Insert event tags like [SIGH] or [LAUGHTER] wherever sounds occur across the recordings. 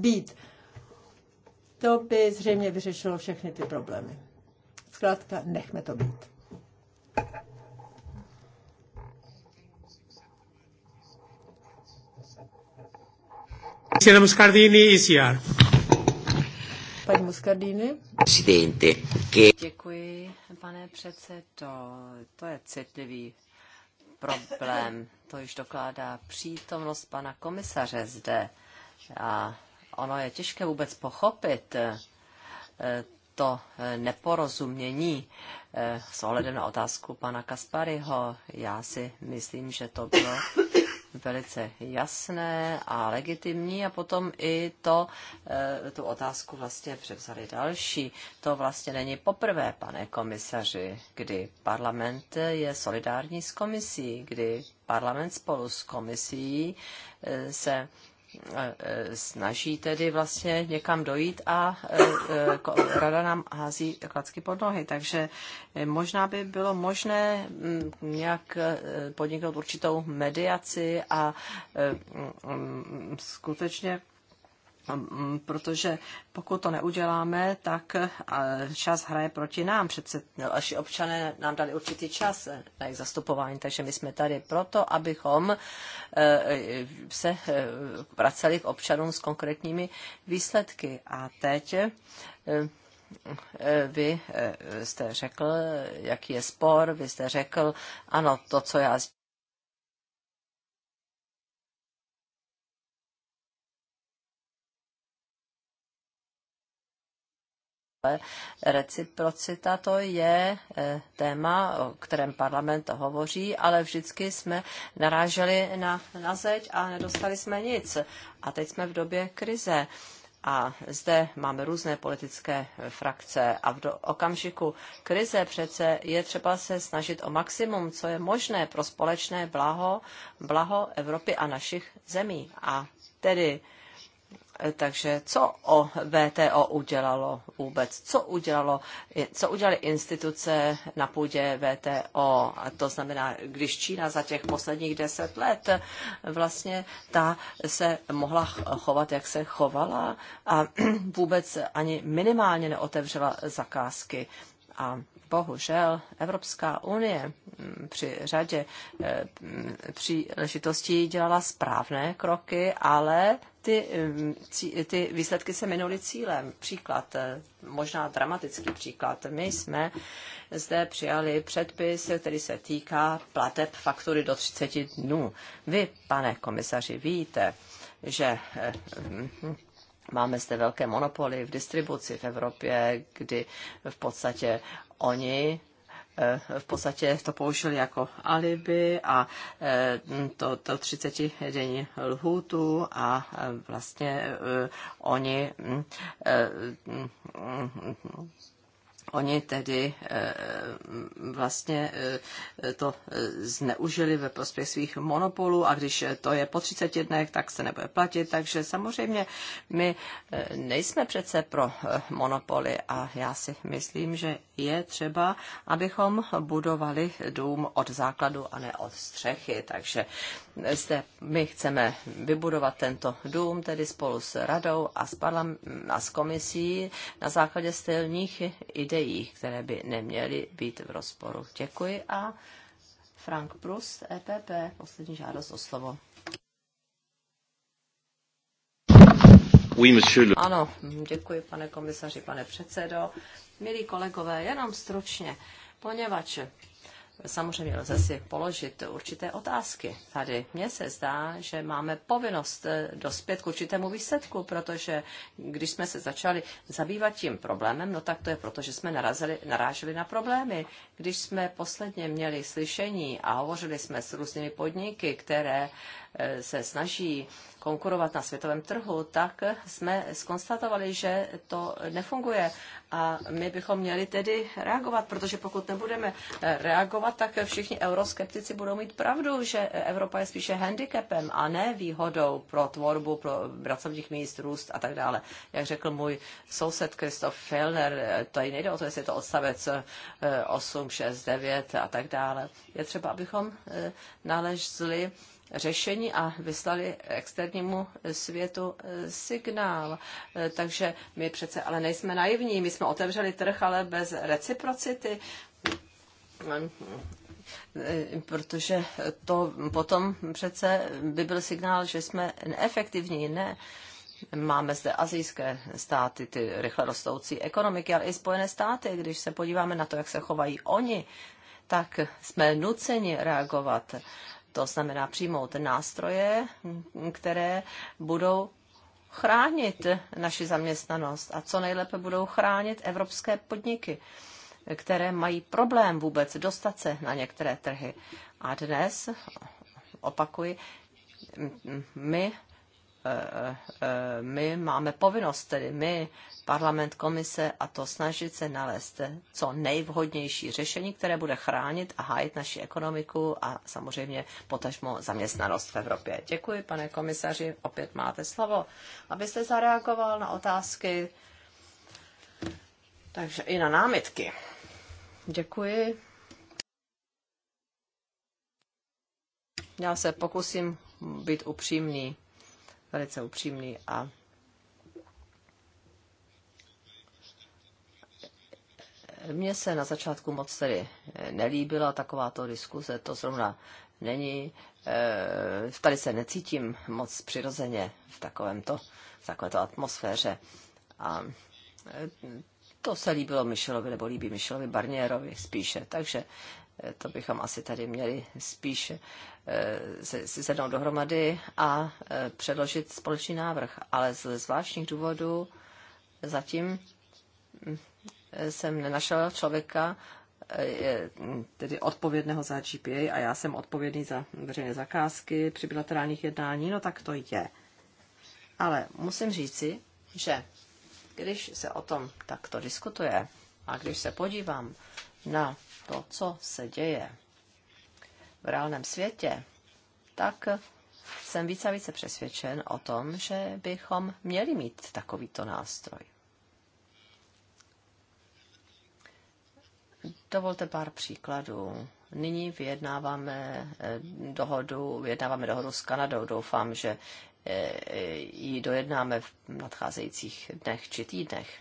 být. To by zřejmě vyřešilo všechny ty problémy. Zkrátka, nechme to být. Signora Muscardini, e Paní Muscardini. Děkuji, pane předsedo. To je citlivý problém. To již dokládá přítomnost pana komisaře zde. A ono je těžké vůbec pochopit eh, to eh, neporozumění eh, s ohledem na otázku pana Kaspariho. Já si myslím, že to bylo velice jasné a legitimní a potom i to, tu otázku vlastně převzali další. To vlastně není poprvé, pane komisaři, kdy parlament je solidární s komisí, kdy parlament spolu s komisí se E, snaží tedy vlastně někam dojít a e, e, rada nám hází klacky pod nohy. Takže možná by bylo možné nějak podniknout určitou mediaci a skutečně Ehm, mm, protože pokud to neuděláme, tak eh, čas hraje proti nám. Přece no, naši občané nám dali určitý čas na jejich zastupování, takže my jsme tady proto, abychom eh, se eh, vraceli k občanům s konkrétními výsledky. A teď vy jste řekl, jaký je spor, vy jste řekl, ano, to, co já ale reciprocita to je eh, téma, o kterém parlament hovoří, ale vždycky jsme naráželi na, na zeď a nedostali jsme nic. A teď jsme v době krize. A zde máme různé politické frakce a v okamžiku krize přece je třeba se snažit o maximum, co je možné pro společné blaho, blaho Evropy a našich zemí. A tedy takže co o VTO udělalo vůbec? Co, udělalo, co udělali instituce na půdě VTO? A to znamená, když Čína za těch posledních deset let vlastně ta se mohla chovat, jak se chovala a [CLEARS THROAT] vůbec ani minimálně neotevřela zakázky. A bohužel Evropská unie mm, při řadě eh, mm, příležitostí dělala správné kroky, ale ty, ty výsledky se minuly cílem. Příklad, eh, možná dramatický příklad. My jsme zde přijali předpis, který se týká plateb faktury do 30 dnů. Vy, pane komisaři, víte, že eh, máme zde velké monopoly v distribuci v Evropě, kdy v podstatě oni Eh, v podstatě to použili jako alibi a eh, to, to 30 denní lhůtu a eh, vlastně oni mm, mm, Oni tedy eh, vlastně eh, to eh, zneužili ve prospěch svých monopolů a když to je po 30 dnech, tak se nebude platit. Takže samozřejmě my nejsme přece pro monopoly a já si myslím, že je třeba, abychom budovali dům od základu a ne od střechy. Takže zde my chceme vybudovat tento dům, tedy spolu s radou a s, a s komisí na základě stejných ideí, které by neměly být v rozporu. Děkuji a Frank Prus, EPP, poslední žádost o slovo. Ano, děkuji, pane komisaři, pane předsedo. Milí kolegové, jenom stručně, poněvadž Samozřejmě lze si položit určité otázky tady. Mně se zdá, že máme povinnost eh, dospět k určitému výsledku, protože když jsme se začali zabývat tím problémem, no tak to je proto, že jsme narazili, naráželi na problémy. Když jsme posledně měli slyšení a hovořili jsme s různými podniky, které se snaží konkurovat na světovém trhu, tak jsme skonstatovali, že to nefunguje. A my bychom měli tedy reagovat, protože pokud nebudeme reagovat, tak všichni euroskeptici budou mít pravdu, že Evropa je spíše handicapem a ne výhodou pro tvorbu, pro pracovních míst, růst a tak dále. Jak řekl můj soused Kristof Fellner, tady nejde o to, jestli je to odstavec 8, 6, 9 a tak dále. Je třeba, abychom eh, nalezli řešení a vyslali externímu světu eh, signál. Eh, takže my přece ale nejsme naivní, my jsme otevřeli trh, ale bez reciprocity eh, protože to potom přece by byl signál, že jsme neefektivní, ne. Máme zde azijské státy, ty rychle rostoucí ekonomiky, ale i Spojené státy. Když se podíváme na to, jak se chovají oni, tak jsme nuceni reagovat to znamená přijmout nástroje, které budou chránit naši zaměstnanost a co nejlépe budou chránit evropské podniky, které mají problém vůbec dostat se na některé trhy. A dnes, opakuji, my Eh, eh, eh, my máme povinnost, tedy my, parlament, komise, a to snažit se nalézt co nejvhodnější řešení, které bude chránit a hájit naši ekonomiku a samozřejmě potažmo zaměstnanost v Evropě. Děkuji, pane komisaři, opět máte slovo, abyste zareagoval na otázky, takže i na námitky. Děkuji. Já se pokusím být upřímný velice upřímný a mně se na začátku moc tedy nelíbila takováto diskuze, to zrovna není, eh, tady se necítím moc přirozeně v takovémto, v takovéto atmosféře. A eh, to se líbilo Michelovi, nebo líbí Michelovi Barnierovi spíše. Takže to bychom asi tady měli spíš eh, si sednout dohromady a eh, předložit společný návrh. Ale z zvláštních důvodů zatím hm, jsem nenašel člověka, eh, hm, tedy odpovědného za GPA a já jsem odpovědný za veřejné zakázky při bilaterálních jednání, no tak to je. Ale musím říci, že když se o tom takto diskutuje a když se podívám na to, co se děje v reálném světě, tak jsem více a více přesvědčen o tom, že bychom měli mít takovýto nástroj. Dovolte pár příkladů. Nyní vyjednáváme eh, dohodu, vyjednáváme dohodu s Kanadou. Doufám, že eh, ji dojednáme v nadcházejících dnech či týdnech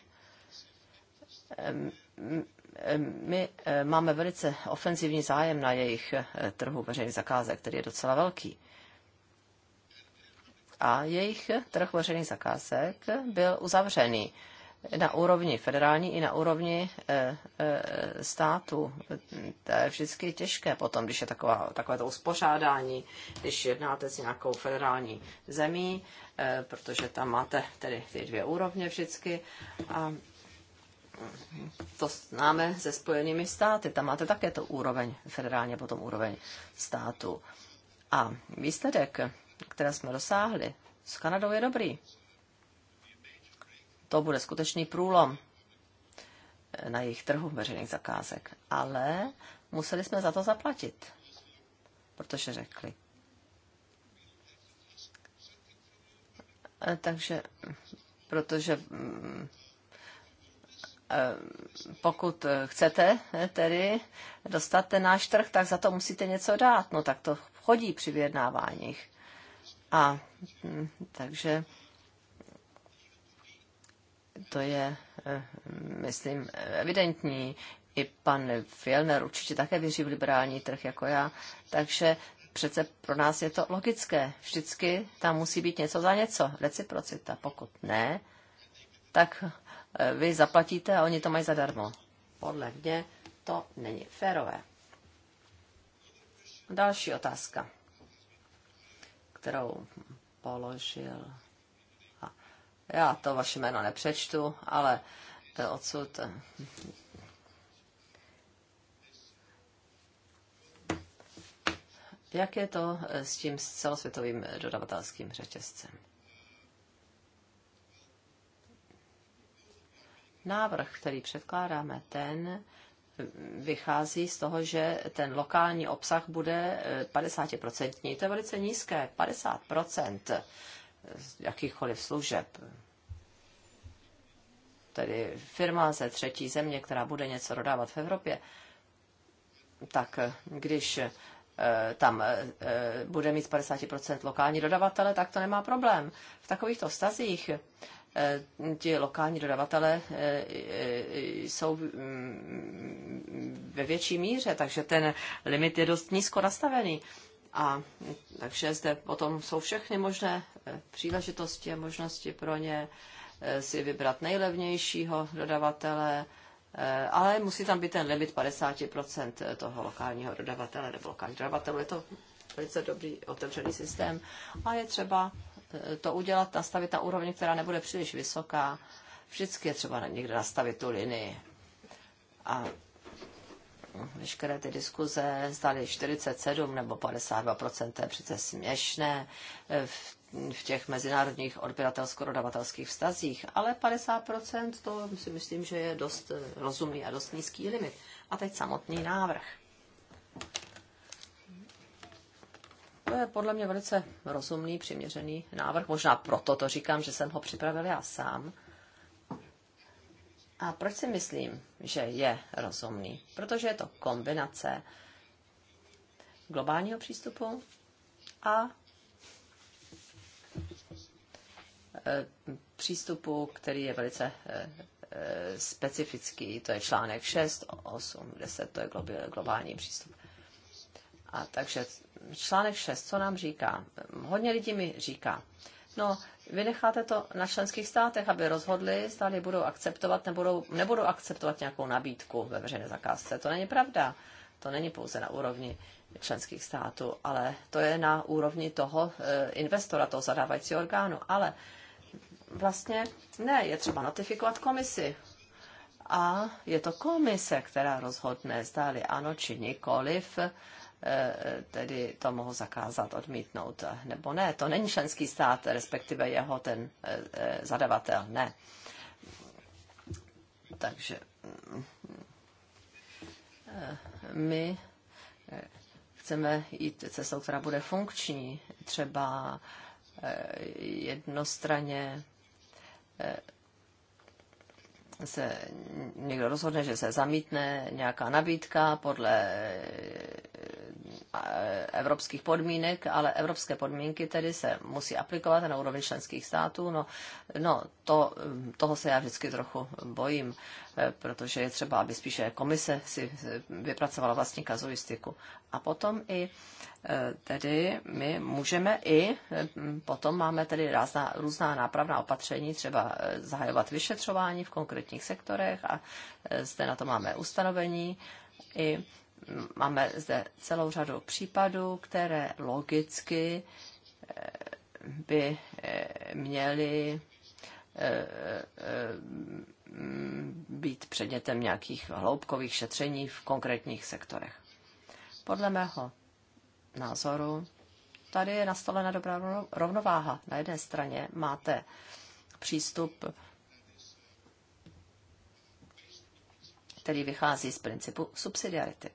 my eh, máme velice ofenzivní zájem na jejich eh, trhu veřejných zakázek, který je docela velký. A jejich eh, trh veřejných zakázek byl uzavřený na úrovni federální i na úrovni státu. To je vždycky těžké potom, když je taková, takové to uspořádání, když jednáte s nějakou federální zemí, protože tam máte tedy ty dvě úrovně vždycky. A to známe se Spojenými státy, tam máte také to úroveň, federálně potom úroveň státu. A výsledek, který jsme dosáhli s Kanadou, je dobrý. To bude skutečný průlom eh, na jejich trhu veřejných zakázek. Ale museli jsme za to zaplatit, protože řekli. Eh, takže, mm, protože mm, Eh, pokud chcete eh, tedy dostat ten náš trh, tak za to musíte něco dát. No tak to chodí při vyjednáváních. A hm, takže to je, eh, myslím, evidentní. I pan Fielner určitě také věří v liberální trh jako já. Takže přece pro nás je to logické. Vždycky tam musí být něco za něco, reciprocita. Pokud ne, tak E, vy zaplatíte a oni to mají zadarmo. Podle mě to není férové. Další otázka, kterou položil. Já to vaše jméno nepřečtu, ale odsud e, Jak je to e, s tím celosvětovým dodavatelským řetězcem? návrh, který předkládáme, ten vychází z toho, že ten lokální obsah bude 50%. Eh, to je velice nízké, 50% jakýchkoliv služeb. Tedy firma ze třetí země, která bude něco dodávat v Evropě, tak když eh, tam eh, bude mít 50% lokální dodavatele, tak to nemá problém. V takovýchto stazích Eh, ti lokální dodavatelé eh, eh, jsou mm, ve větší míře, takže ten limit je dost nízko nastavený. A takže zde potom jsou všechny možné příležitosti a možnosti pro ně si vybrat nejlevnějšího dodavatele, ale musí tam být ten limit 50% toho lokálního dodavatele nebo lokálního dodavatele, Je to velice dobrý otevřený systém a je třeba to udělat, nastavit na úrovni, která nebude příliš vysoká. Vždycky je třeba někde nastavit tu linii. A veškeré ty diskuze zdali 47 nebo 52%, to je přece směšné e, v, v těch mezinárodních odběratelsko rodavatelských vztazích, ale 50% to si myslím, že je dost e, rozumný a dost nízký limit. A teď samotný návrh. To je podle mě velice rozumný, přiměřený návrh. Možná proto to říkám, že jsem ho připravil já sám. A proč si myslím, že je rozumný? Protože je to kombinace globálního přístupu a e, přístupu, který je velice e, e, specifický. To je článek 6, 8, 10, to je globální přístup. A takže článek 6, co nám říká? Hodně lidí mi říká, no, vy necháte to na členských státech, aby rozhodli, stále budou akceptovat, nebudou, nebudou akceptovat nějakou nabídku ve veřejné zakázce. To není pravda. To není pouze na úrovni členských států, ale to je na úrovni toho eh, investora, toho zadávajícího orgánu. Ale vlastně ne, je třeba notifikovat komisi. A je to komise, která rozhodne, zdali ano či nikoliv, Eh, tedy to mohu zakázat, odmítnout, nebo ne. To není členský stát, respektive jeho ten eh, eh, zadavatel, ne. Takže my chceme jít cestou, která bude funkční, třeba jednostranně se někdo rozhodne, že se zamítne nějaká nabídka podle evropských podmínek, ale evropské podmínky tedy se musí aplikovat na úroveň členských států. No, no to, toho se já vždycky trochu bojím, e, protože je třeba, aby spíše komise si vypracovala vlastní kazuistiku. A potom i e, tedy my můžeme i, e, potom máme tedy rázná, různá nápravná opatření, třeba zahajovat vyšetřování v konkrétních sektorech a zde na to máme ustanovení i Máme zde celou řadu případů, které logicky eh, by eh, měly eh, mm, být předmětem nějakých hloubkových šetření v konkrétních sektorech. Podle mého názoru tady je nastolena dobrá rovnováha. Na jedné straně máte přístup, který vychází z principu subsidiarity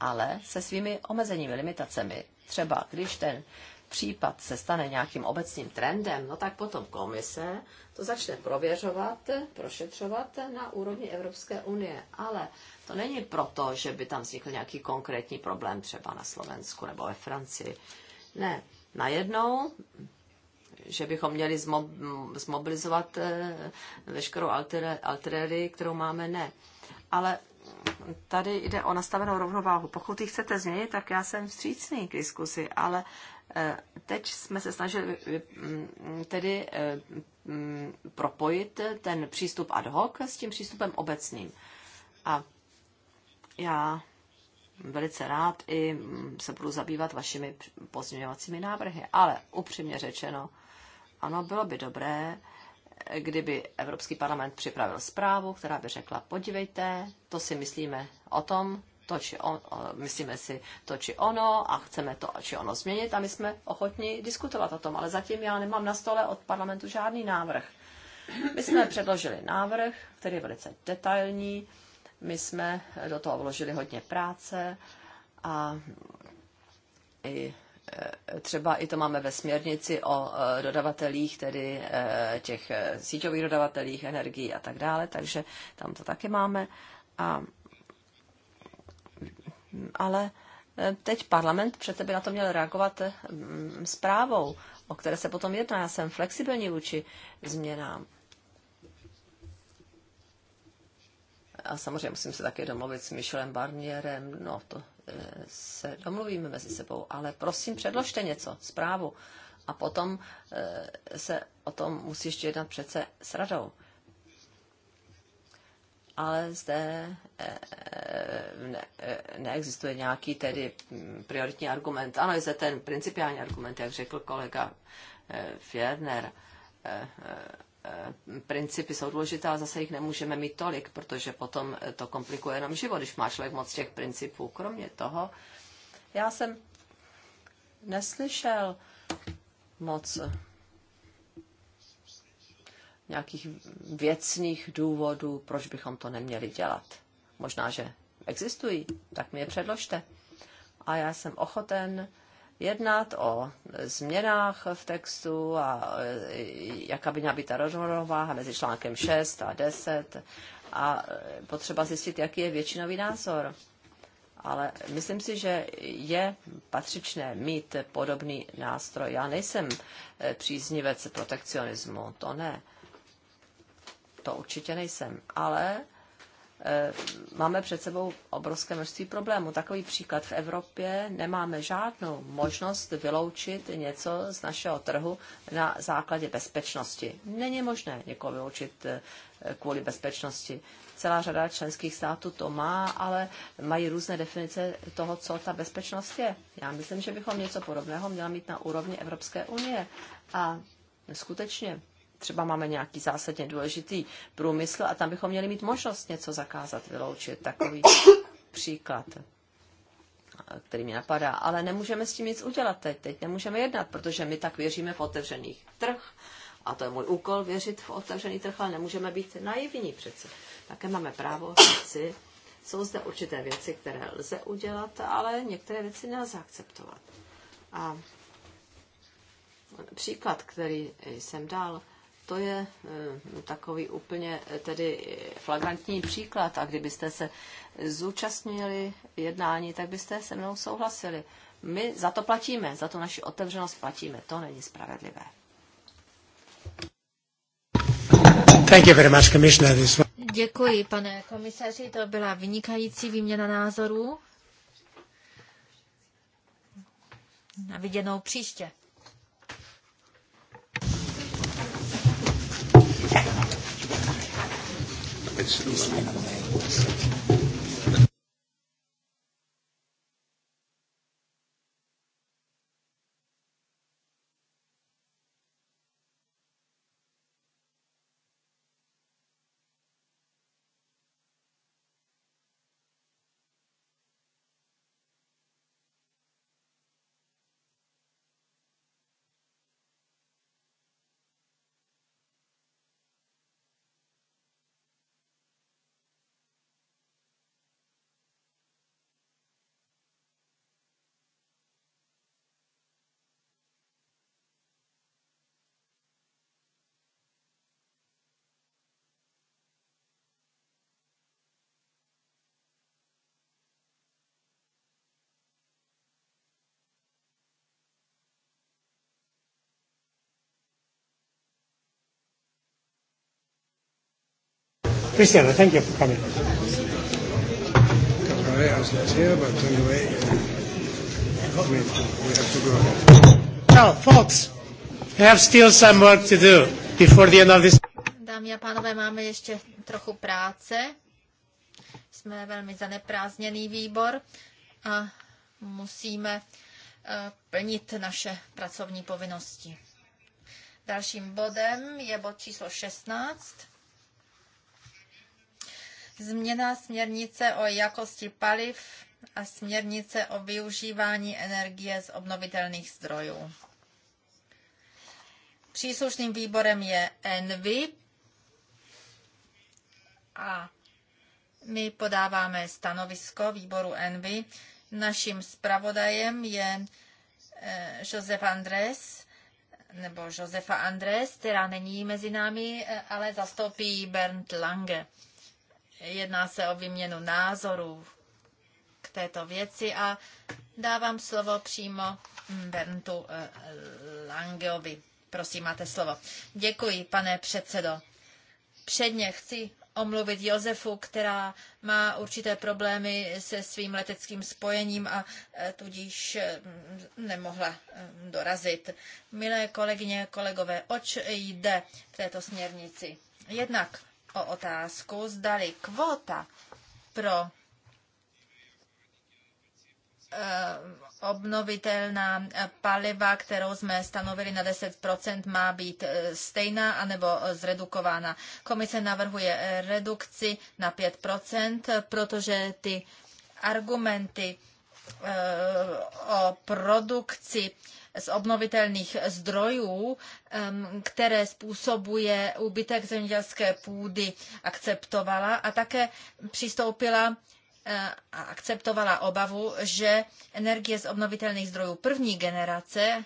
ale se svými omezeními, limitacemi. Třeba když ten případ se stane nějakým obecným trendem, no tak potom komise to začne prověřovat, prošetřovat na úrovni Evropské unie. Ale to není proto, že by tam vznikl nějaký konkrétní problém třeba na Slovensku nebo ve Francii. Ne, najednou že bychom měli zmobilizovat eh, veškerou artilérii, kterou máme, ne. Ale tady jde o nastavenou rovnováhu. Pokud ji chcete změnit, tak já jsem vstřícný k diskusi, ale eh, teď jsme se snažili mm, tedy eh, mm, propojit ten přístup ad hoc s tím přístupem obecným. A já velice rád i mm, se budu zabývat vašimi pozměňovacími návrhy, ale upřímně řečeno, ano, bylo by dobré, kdyby Evropský parlament připravil zprávu, která by řekla, podívejte, to si myslíme o tom, to či on, myslíme si to či ono a chceme to či ono změnit a my jsme ochotni diskutovat o tom, ale zatím já nemám na stole od parlamentu žádný návrh. My jsme předložili návrh, který je velice detailní, my jsme do toho vložili hodně práce a i třeba i to máme ve směrnici o e, dodavatelích, tedy e, těch e, síťových dodavatelích energií a tak dále, takže tam to taky máme. A, ale teď parlament přece by na to měl reagovat zprávou, o které se potom jedná. Já jsem flexibilní vůči změnám. A samozřejmě musím se také domluvit s Michelem Barnierem, no to se domluvíme mezi sebou, ale prosím, předložte něco, zprávu. A potom eh, se o tom musí ještě jednat přece s radou. Ale zde eh, ne, eh, neexistuje nějaký tedy prioritní argument. Ano, je zde ten principiální argument, jak řekl kolega Fjerner. Eh, principy jsou důležité, ale zase jich nemůžeme mít tolik, protože potom eh, to komplikuje jenom život, když má člověk moc těch principů. Kromě toho, já jsem neslyšel moc eh, nějakých věcných důvodů, proč bychom to neměli dělat. Možná, že existují, tak mi je předložte. A já jsem ochoten jednat o změnách v textu a e, jaká by měla být ta rovnováha mezi článkem 6 a 10 a e, potřeba zjistit, jaký je většinový názor. Ale myslím si, že je patřičné mít podobný nástroj. Já nejsem e, příznivec protekcionismu, to ne. To určitě nejsem. Ale Eh, máme před sebou obrovské množství problémů. Takový příklad v Evropě nemáme žádnou možnost vyloučit něco z našeho trhu na základě bezpečnosti. Není možné někoho vyloučit eh, kvůli bezpečnosti. Celá řada členských států to má, ale mají různé definice toho, co ta bezpečnost je. Já myslím, že bychom něco podobného měla mít na úrovni Evropské unie. A skutečně třeba máme nějaký zásadně důležitý průmysl a tam bychom měli mít možnost něco zakázat, vyloučit. Takový [COUGHS] příklad, který mi napadá. Ale nemůžeme s tím nic udělat teď. Teď nemůžeme jednat, protože my tak věříme v otevřený trh. A to je můj úkol, věřit v otevřený trh, ale nemůžeme být naivní přece. Také máme právo říci, jsou zde určité věci, které lze udělat, ale některé věci nelze akceptovat. A příklad, který jsem dal, to je eh, takový úplně eh, tedy eh, flagrantní příklad. A kdybyste se zúčastnili jednání, tak byste se mnou souhlasili. My za to platíme, za tu naši otevřenost platíme. To není spravedlivé. Thank you very much, Commissioner. Děkuji, pane komisaři, to byla vynikající výměna názorů. Na viděnou příště. pezzo domani. Christiana, thank you for coming. Now, folks, we have still some work to do before the end of this. Dámy a pánové, máme ještě trochu práce. Jsme velmi zaneprázdněný výbor a musíme eh, plnit naše pracovní povinnosti. Dalším bodem je bod číslo 16 Změna směrnice o jakosti paliv a směrnice o využívání energie z obnovitelných zdrojů. Příslušným výborem je ENVI a my podáváme stanovisko výboru ENVI. Naším zpravodajem je eh, Josef Andres, nebo Josefa Andres, která není mezi námi, eh, ale zastoupí Bernd Lange. Jedná se o výměnu názorů k této věci a dávám slovo přímo Berntu eh, Langeovi. Prosím, máte slovo. Děkuji, pane předsedo. Předně chci omluvit Josefu, která má určité problémy se svým leteckým spojením a eh, tudíž eh, nemohla dorazit. Milé kolegyně, kolegové, oč jde v této směrnici? Jednak o otázku, zdali kvota pro eh, obnovitelná eh, paliva, kterou jsme stanovili na 10%, má být eh, stejná anebo zredukována. Komise navrhuje redukci na 5%, protože ty argumenty o produkci z obnovitelných zdrojů, které způsobuje úbytek zemědělské půdy, akceptovala a také přistoupila eh, a akceptovala obavu, že energie z obnovitelných zdrojů první generace,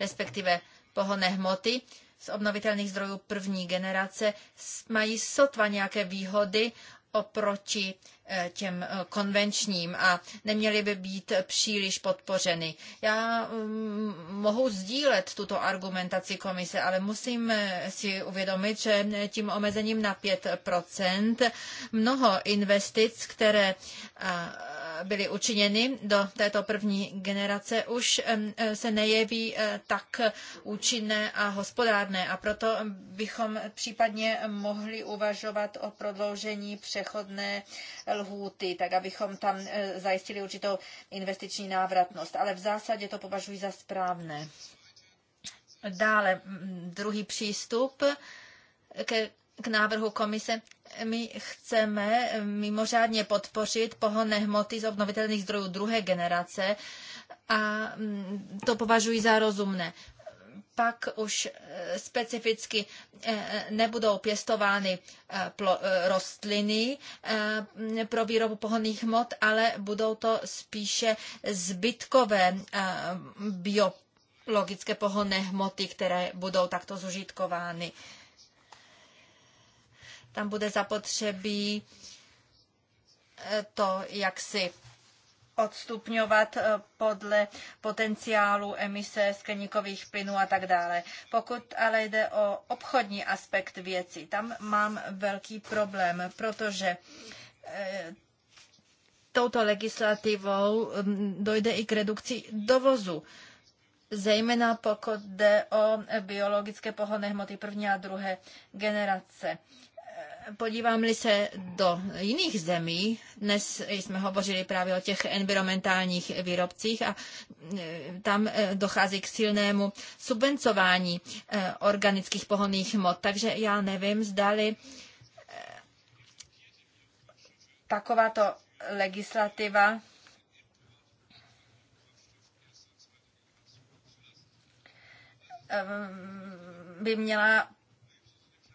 respektive pohonné hmoty z obnovitelných zdrojů první generace, mají sotva nějaké výhody oproti těm eh, konvenčním a neměly by být příliš podpořeny. Já mm, mohu sdílet tuto argumentaci komise, ale musím eh, si uvědomit, že eh, tím omezením na 5% mnoho investic, které byly učiněny do této první generace, už se nejeví tak účinné a hospodárné. A proto bychom případně mohli uvažovat o prodloužení přechodné lhůty, tak abychom tam e, zajistili určitou investiční návratnost. Ale v zásadě to považuji za správné. Dále druhý přístup ke, k návrhu komise. My chceme e, mimořádně podpořit pohonné hmoty z obnovitelných zdrojů druhé generace a to považuji za rozumné pak už eh, specificky eh, nebudou pěstovány eh, rostliny pro výrobu pohonných hmot, ale budou to spíše zbytkové biologické pohonné hmoty, které budou takto zužitkovány. Tam bude zapotřebí to, jak si odstupňovat eh, podle potenciálu emise skleníkových plynů a tak dále. Pokud ale jde o obchodní aspekt věci, tam mám velký problém, protože eh, touto legislativou hm, dojde i k redukci dovozu zejména pokud jde o biologické pohonné hmoty první a druhé generace. Podívám-li se do jiných zemí, dnes jsme hovořili právě o těch environmentálních výrobcích a e, tam e, dochází k silnému subvencování e, organických pohonných hmot. Takže já nevím, zdali takováto legislativa by měla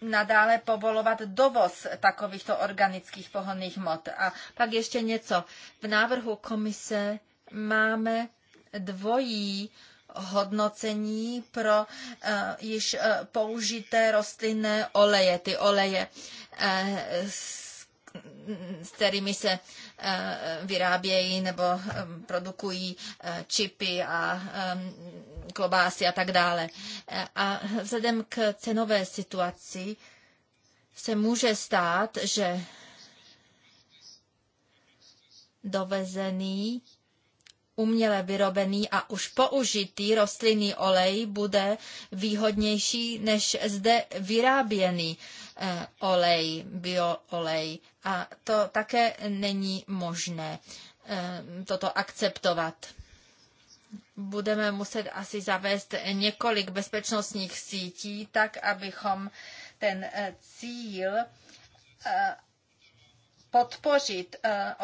nadále povolovat dovoz takovýchto organických pohonných hmot. A pak ještě něco. V návrhu komise máme dvojí hodnocení pro uh, již uh, použité rostlinné oleje, ty oleje, uh, s, s kterými se Eh, vyrábějí nebo eh, produkují eh, čipy a klobásy a tak dále. A vzhledem k cenové situaci se může stát, že dovezený uměle vyrobený a už použitý rostlinný olej bude výhodnější než zde vyráběný Eh, olej, bioolej. A to také není možné eh, toto akceptovat budeme muset asi zavést několik bezpečnostních sítí, tak abychom ten eh, cíl podpořit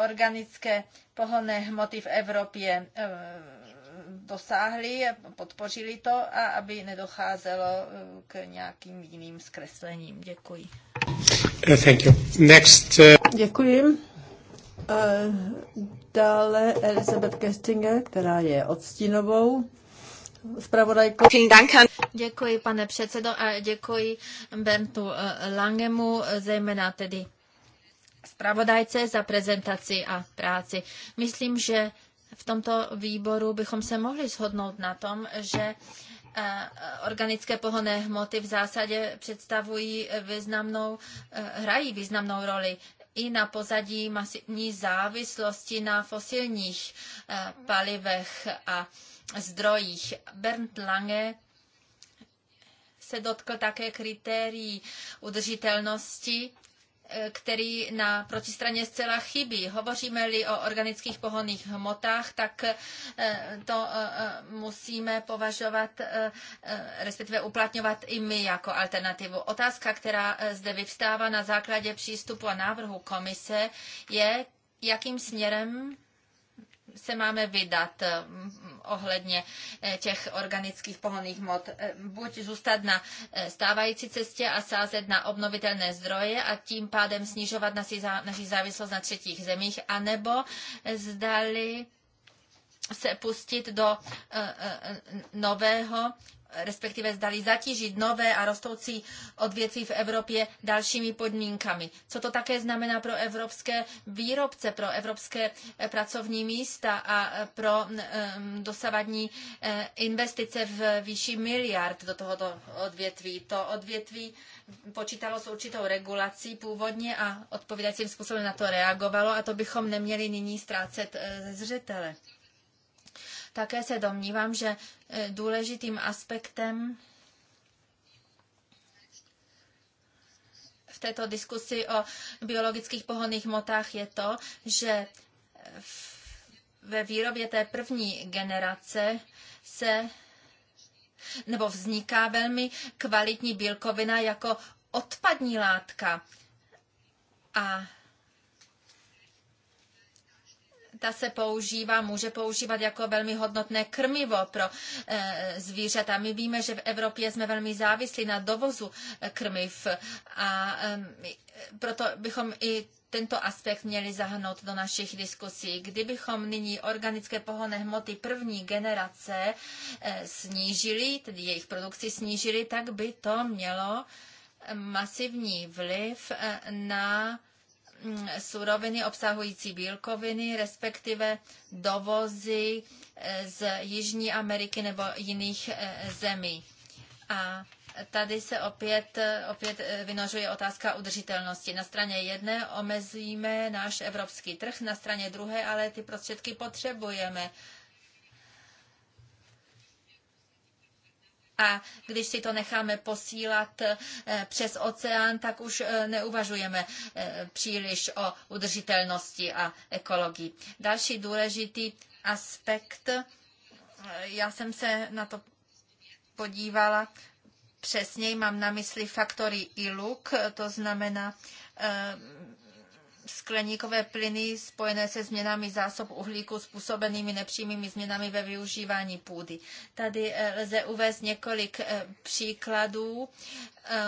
organické pohonné hmoty v Evropě dosáhli, podpořili to a aby nedocházelo eh, k nějakým jiným zkreslením. Děkuji. Thank you. Next. Uh... Děkuji. Uh, dále Elizabeth Kestinger, která je odstínovou Děkuji, pane předsedo, a děkuji Bertu Langemu, zejména tedy zpravodajce za prezentaci a práci. Myslím, že v tomto výboru bychom se mohli shodnout na tom, že eh, organické pohonné hmoty v zásadě představují významnou, eh, hrají významnou roli i na pozadí masivní závislosti na fosilních eh, palivech a zdrojích. Bernd Lange se dotkl také kritérií udržitelnosti který na protistraně zcela chybí. Hovoříme-li o organických pohonných hmotách, tak eh, to eh, eh, musíme považovat, respektive uplatňovat i my jako alternativu. Otázka, která zde vyvstává na základě přístupu a návrhu komise, je, jakým směrem se máme vydat eh, ohledně eh, těch organických pohonných hmot. Eh, buď zůstat na stávající cestě a sázet na obnovitelné zdroje a tím pádem snižovat naši závislost na třetích zemích, anebo zdali se pustit do nového respektive zdali zatížit nové a rostoucí odvětví v Evropě dalšími podmínkami. Co to také znamená pro evropské výrobce, pro evropské eh, pracovní místa a eh, pro mm, eh, dosavadní investice v výši miliard do tohoto odvětví. To odvětví počítalo s určitou regulací původně a odpovídajícím způsobem na to reagovalo a to bychom neměli nyní ztrácet ze zřetele. Také se domnívám, že e, důležitým aspektem v této diskusi o biologických pohonných motách je to, že ve výrobě té první generace se nebo vzniká velmi kvalitní bílkovina jako odpadní látka. A ta se používá, může používat jako velmi hodnotné krmivo pro eh, zvířata. My víme, že v Evropě jsme velmi závislí na dovozu eh, krmiv a proto bychom i tento aspekt měli zahrnout do našich diskusí. Kdybychom nyní organické pohonné hmoty první generace eh, snížili, tedy jejich produkci snížili, tak by to mělo masivní vliv na suroviny obsahující bílkoviny, respektive dovozy eh, z Jižní Ameriky nebo jiných eh, zemí. A tady se opět, eh, opět vynožuje otázka udržitelnosti. Na straně jedné omezíme náš evropský trh, na straně druhé ale ty prostředky potřebujeme A když si to necháme posílat eh, přes oceán, tak už eh, neuvažujeme eh, příliš o udržitelnosti a ekologii. Další důležitý aspekt, já jsem se na to podívala přesněji, mám na mysli faktory ILUK, to znamená skleníkové plyny spojené se změnami zásob uhlíku způsobenými nepřímými změnami ve využívání půdy. Tady eh, lze uvést několik eh, příkladů eh,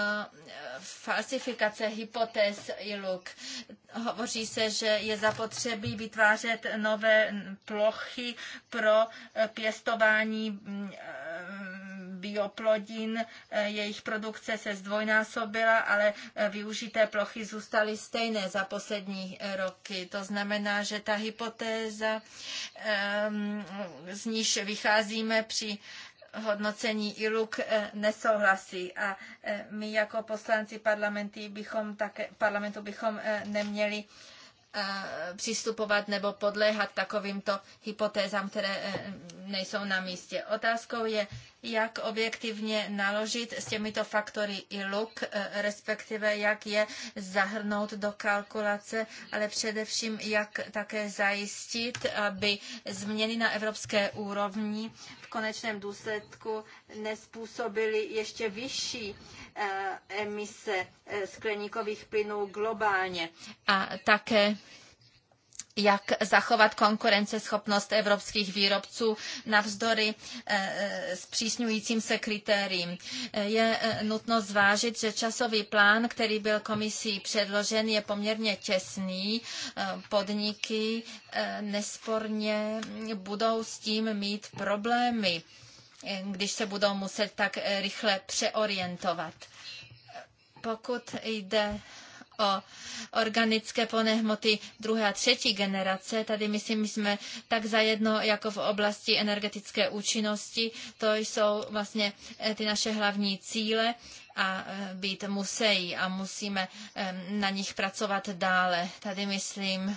falsifikace hypotéz ILUK. Hovoří se, že je zapotřebí vytvářet nové plochy pro pěstování mm, bioplodin, eh, jejich produkce se zdvojnásobila, ale eh, využité plochy zůstaly stejné za poslední eh, roky. To znamená, že ta hypotéza, ehm, z níž vycházíme při hodnocení ILUK nesouhlasí a my jako poslanci parlamenty bychom také, parlamentu bychom neměli přistupovat nebo podléhat takovýmto hypotézám, které nejsou na místě. Otázkou je, jak objektivně naložit s těmito faktory i luk, eh, respektive jak je zahrnout do kalkulace, ale především jak také zajistit, aby změny na evropské úrovni v konečném důsledku nespůsobily ještě vyšší eh, emise eh, skleníkových plynů globálně. A také jak zachovat konkurenceschopnost evropských výrobců navzdory eh, eh, zpřísňujícím se kritériím. Eh, je nutno zvážit, že časový plán, který byl komisí předložen, je poměrně těsný. Podniky nesporně budou s tím mít problémy, když se budou muset tak rychle přeorientovat. Pokud jde o organické plné hmoty druhé a třetí generace. Tady myslím, jsme tak zajedno jako v oblasti energetické účinnosti. To jsou vlastně eh, ty naše hlavní cíle a eh, být musí a musíme eh, na nich pracovat dále. Tady myslím,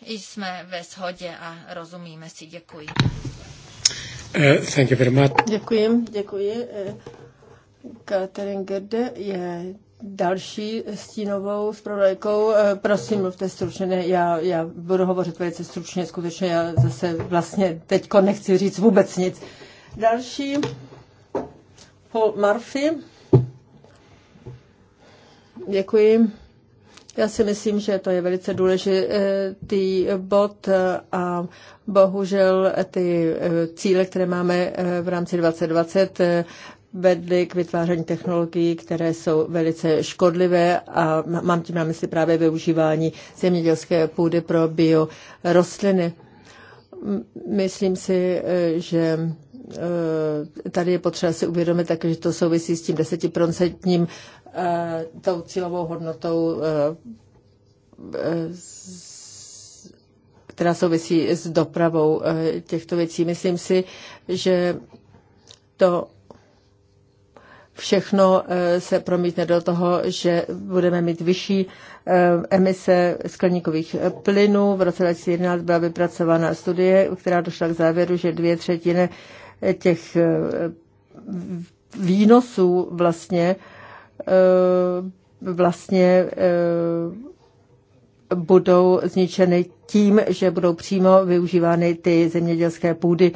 jsme ve shodě a rozumíme si. Děkuji. Uh, thank you very much. Děkuji, děkuji. Catherine Gerde je další stínovou zpravodajkou. Eh, prosím, mluvte stručně. Ne, já, já budu hovořit velice stručně, skutečně já zase vlastně teďko nechci říct vůbec nic. Další, Paul Murphy. Děkuji. Já si myslím, že to je velice důležitý bod a bohužel ty eh, cíle, které máme eh, v rámci 2020, vedly k vytváření technologií, které jsou velice škodlivé a mám tím na mysli právě využívání zemědělské půdy pro biorostliny. Myslím si, že e, tady je potřeba si uvědomit také, že to souvisí s tím desetiprocentním e, tou cílovou hodnotou, e, která souvisí s dopravou těchto věcí. Myslím si, že to všechno eh, se promítne do toho, že budeme mít vyšší eh, emise skleníkových eh, plynů. V roce 2011 byla vypracována studie, která došla k závěru, že dvě třetiny těch výnosů vlastně vlastně budou zničeny tím, že budou přímo využívány ty zemědělské půdy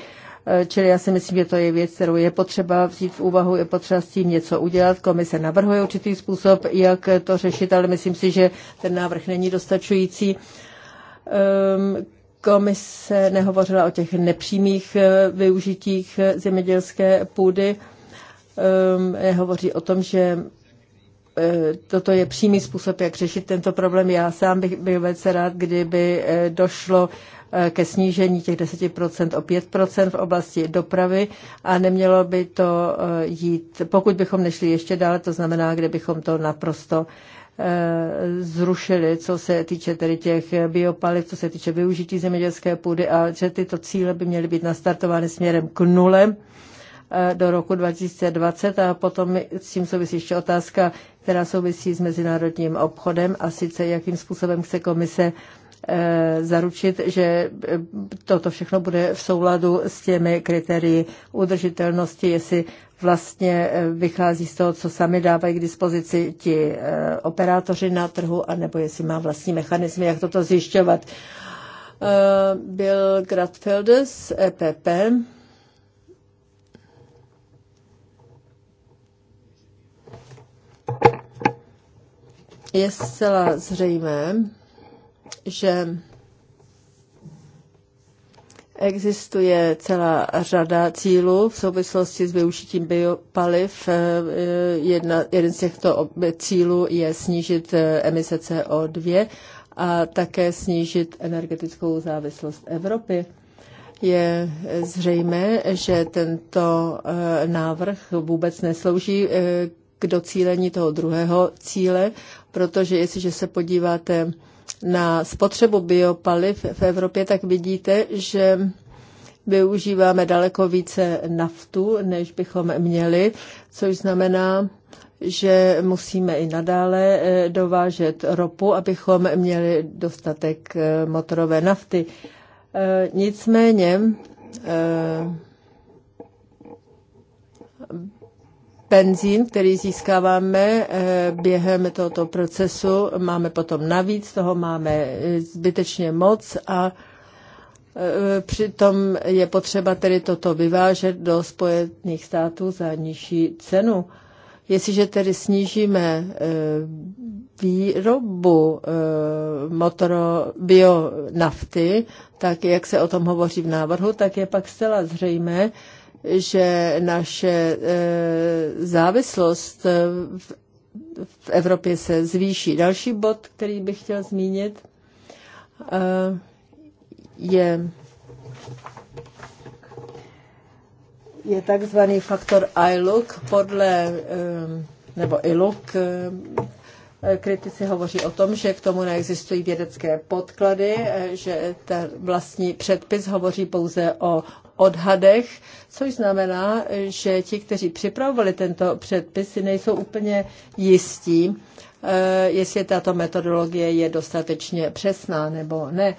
Eh, čili já si myslím, že to je věc, kterou je potřeba vzít v úvahu, je potřeba s tím něco udělat. Komise navrhuje určitý způsob, jak to řešit, ale myslím si, že ten návrh není dostačující. Ehm, komise nehovořila o těch nepřímých eh, využitích eh, zemědělské půdy. Ehm, Hovoří o tom, že toto je přímý způsob, jak řešit tento problém. Já sám bych byl velice rád, kdyby došlo Eh, ke snížení těch 10% o 5% v oblasti dopravy a nemělo by to eh, jít, pokud bychom nešli ještě dále, to znamená, kdybychom to naprosto eh, zrušili, co se týče tedy těch biopaliv, co se týče využití zemědělské půdy a že tyto cíle by měly být nastartovány směrem k nule do roku 2020 a potom s tím souvisí ještě otázka, která souvisí s mezinárodním obchodem a sice jakým způsobem chce komise Eh, zaručit, že eh, toto všechno bude v souladu s těmi kritérii udržitelnosti, jestli vlastně eh, vychází z toho, co sami dávají k dispozici ti operátoři na trhu, anebo jestli má vlastní mechanizmy, jak toto zjišťovat. Byl Gradfeldes, EPP. Je zcela zřejmé, že Existuje celá řada cílů v souvislosti s využitím biopaliv. Eh, jedna, jeden z těchto cílů je snížit eh, emise CO2 a také snížit energetickou závislost Evropy. Je zřejmé, že tento eh, návrh vůbec neslouží k docílení toho druhého cíle, protože jestliže se podíváte na spotřebu biopaliv v Evropě, tak vidíte, že využíváme daleko více naftu, než bychom měli, což znamená, že musíme i nadále eh, dovážet ropu, abychom měli dostatek eh, motorové nafty. Eh, nicméně benzín, který získáváme eh, během tohoto procesu, máme potom navíc, toho máme eh, zbytečně moc a eh, přitom je potřeba tedy toto vyvážet do Spojených států za nižší cenu. Jestliže tedy snížíme výrobu motoro nafty, tak jak se o tom hovoří v návrhu, tak je pak zcela zřejmé, že naše e, závislost e, v Evropě se zvýší. Další bod, který bych chtěl zmínit, e, je, je takzvaný faktor ILUK podle nebo ILUK Eh, kritici hovoří o tom, že k tomu neexistují vědecké podklady, eh, že ten vlastní předpis hovoří pouze o odhadech, což znamená, že ti, kteří připravovali tento předpis, si nejsou úplně jistí, eh, jestli tato metodologie je dostatečně přesná nebo ne.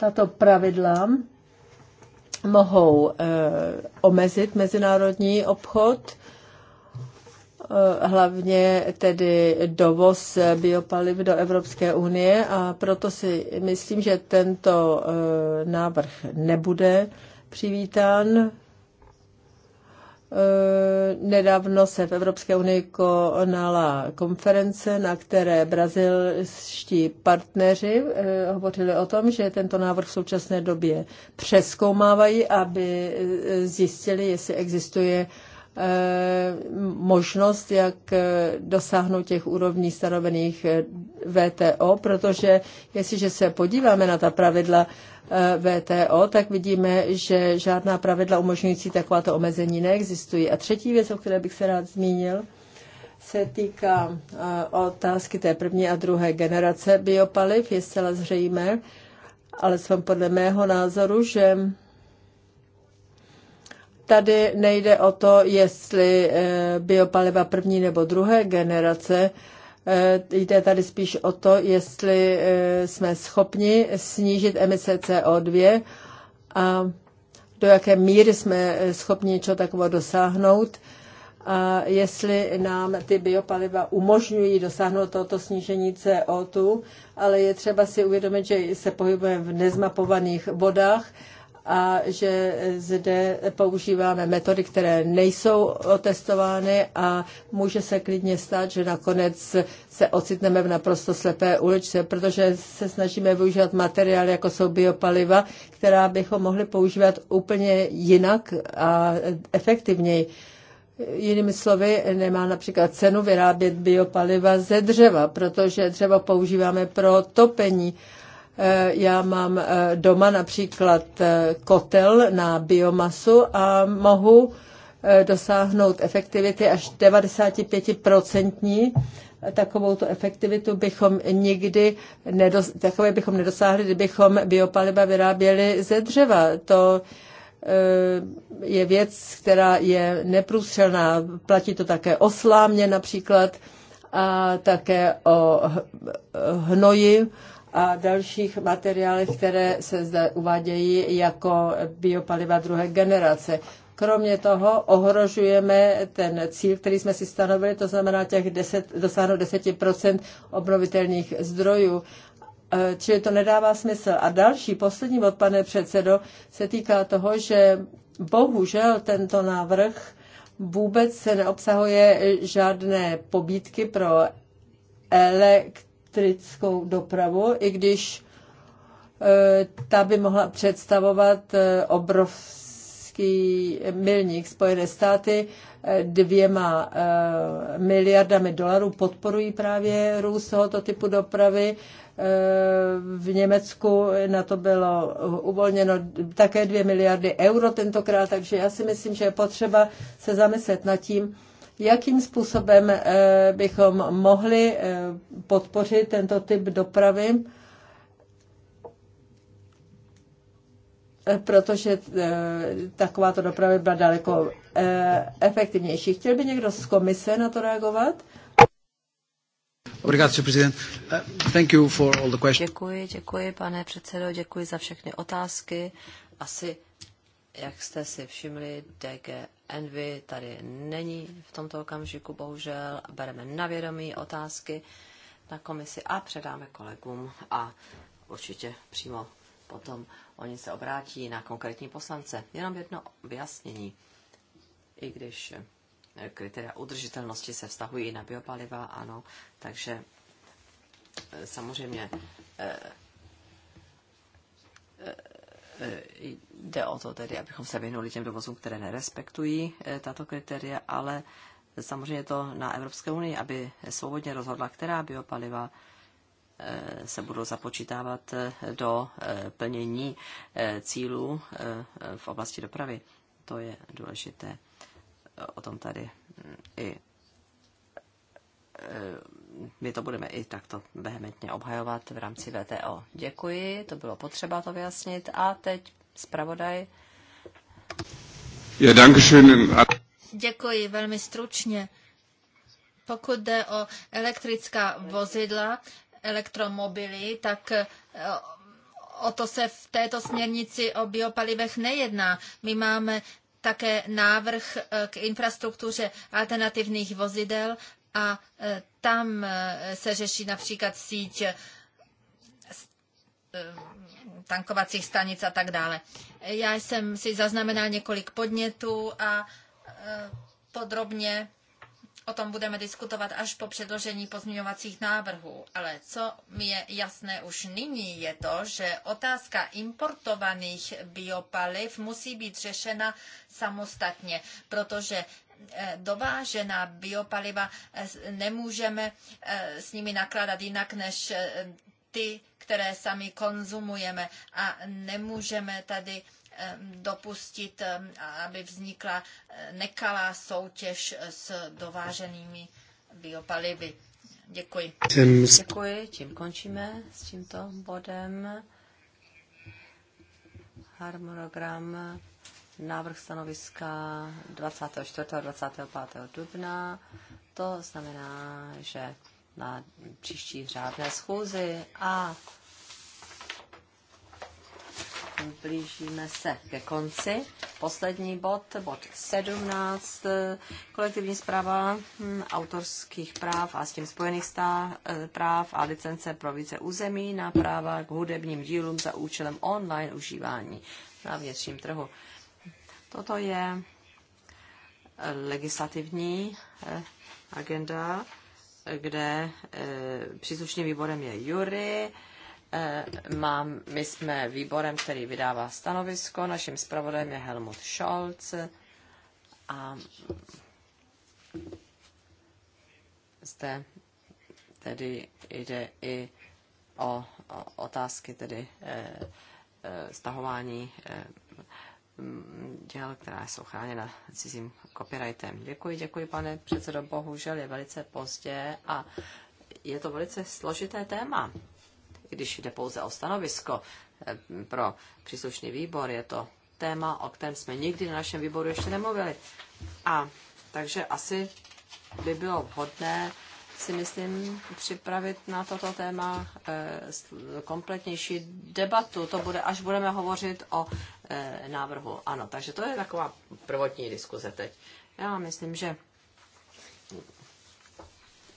Tato pravidla mohou omezit mezinárodní obchod, Eh, hlavně tedy dovoz biopaliv do Evropské unie a proto si myslím, že tento eh, návrh nebude přivítán. Eh, nedávno se v Evropské unii konala konference, na které brazilští partneři hovořili o tom, že tento návrh v současné době přeskoumávají, aby zjistili, jestli existuje Eh, možnost, jak eh, dosáhnout těch úrovní stanovených eh, VTO, protože jestliže se podíváme na ta pravidla VTO, tak vidíme, že žádná pravidla umožňující takováto omezení neexistují. A třetí věc, o které bych se rád zmínil, se týká otázky té první a druhé generace biopaliv. Je zcela zřejmé, ale jsem podle mého názoru, že tady nejde o to, jestli eh, biopaliva první nebo druhé generace, eh, Jde tady spíš o to, jestli eh, jsme schopni snížit emise CO2 a do jaké míry jsme schopni něco takového dosáhnout a jestli nám ty biopaliva umožňují dosáhnout tohoto snížení CO2, ale je třeba si uvědomit, že se pohybujeme v nezmapovaných vodách a že zde používáme metody, které nejsou otestovány a může se klidně stát, že nakonec se ocitneme v naprosto slepé uličce, protože se snažíme využívat materiály, jako jsou biopaliva, která bychom mohli používat úplně jinak a efektivněji. Jinými slovy, nemá například cenu vyrábět biopaliva ze dřeva, protože dřevo používáme pro topení. Eh, já mám eh, doma například eh, kotel na biomasu a mohu dosáhnout efektivity až 95% tu efektivitu bychom nikdy nedos, takové bychom nedosáhli, kdybychom biopaliva vyráběli ze dřeva. To je věc, která je neprůstřelná. Platí to také o slámě například a také o hnoji a dalších materiálech, které se zde uvádějí jako biopaliva druhé generace. Kromě toho ohrožujeme ten cíl, který jsme si stanovili, to znamená těch 10, dosáhnout 10% obnovitelných zdrojů. E, čili to nedává smysl. A další, poslední od pane předsedo, se týká toho, že bohužel tento návrh vůbec se neobsahuje žádné pobídky pro elektronické elektrickou dopravu, i když e, ta by mohla představovat e, obrovský milník. Spojené státy e, dvěma miliardami dolarů podporují právě růst tohoto typu dopravy. V Německu na to bylo uvolněno také dvě miliardy euro tentokrát, takže já si myslím, že je potřeba se zamyslet nad tím, jakým způsobem eh, bychom mohli eh, podpořit tento typ dopravy, eh, protože takováto doprava byla daleko efektivnější. Chtěl by někdo z komise na to reagovat? Děkuji, děkuji, pane předsedo, děkuji za všechny otázky. Asi, jak jste si všimli, DG Envy tady není v tomto okamžiku, bohužel. Bereme na vědomí otázky na komisi a předáme kolegům a určitě přímo potom oni se obrátí na konkrétní poslance. Jenom jedno vyjasnění. I když eh, kritéria udržitelnosti se vztahují na biopaliva, ano, takže eh, samozřejmě eh, Eh, jde o to tedy, abychom se vyhnuli těm dovozům, které nerespektují eh, tato kritéria, ale samozřejmě to na Evropské unii, aby svobodně rozhodla, která biopaliva eh, se budou započítávat do plnění cílů v oblasti dopravy. To je důležité. O tom tady mm, i my to budeme i takto vehementně obhajovat v rámci VTO. Děkuji, to bylo potřeba to vyjasnit. A teď zpravodaj. Děkuji, velmi stručně. Pokud jde o elektrická vozidla, elektromobily, tak e, o to se v této směrnici o biopalivech nejedná. My máme také návrh e, k infrastruktuře alternativních vozidel a e, tam e, se řeší například síť e, tankovacích stanic a tak dále. Já jsem si zaznamenal několik podnětů a podrobně O tom budeme diskutovat až po předložení pozměňovacích návrhů. Ale co mi je jasné už nyní, je to, že otázka importovaných biopaliv musí být řešena samostatně, protože eh, dovážená biopaliva eh, nemůžeme eh, s nimi nakládat jinak než ty, které sami konzumujeme a nemůžeme tady Eh, dopustit, eh, aby vznikla eh, nekalá soutěž s dováženými biopalivy. Děkuji. Děkuji, tím končíme s tímto bodem. Harmonogram návrh stanoviska 24. a 25. dubna. To znamená, že na příští řádné schůzi a blížíme se ke konci. Poslední bod, bod 17, kolektivní zpráva hm, autorských práv a s tím spojených stáv, eh, práv a licence pro více území na práva k hudebním dílům za účelem online užívání na vnitřním trhu. Toto je eh, legislativní eh, agenda, kde příslušným výborem je jury, Eh, mám, my jsme výborem, který vydává stanovisko, naším zpravodajem je Helmut Scholz a zde tedy jde i o, o otázky tedy e, stahování e, děl, která jsou chráněna cizím copyrightem. Děkuji, děkuji, pane předsedo. Bohužel je velice pozdě a je to velice složité téma když jde pouze o stanovisko eh, pro příslušný výbor, je to téma, o kterém jsme nikdy na našem výboru ještě nemluvili. A takže asi by bylo vhodné si myslím připravit na toto téma eh, kompletnější debatu. To bude, až budeme hovořit o eh, návrhu. Ano, takže to je taková prvotní diskuze teď. Já myslím, že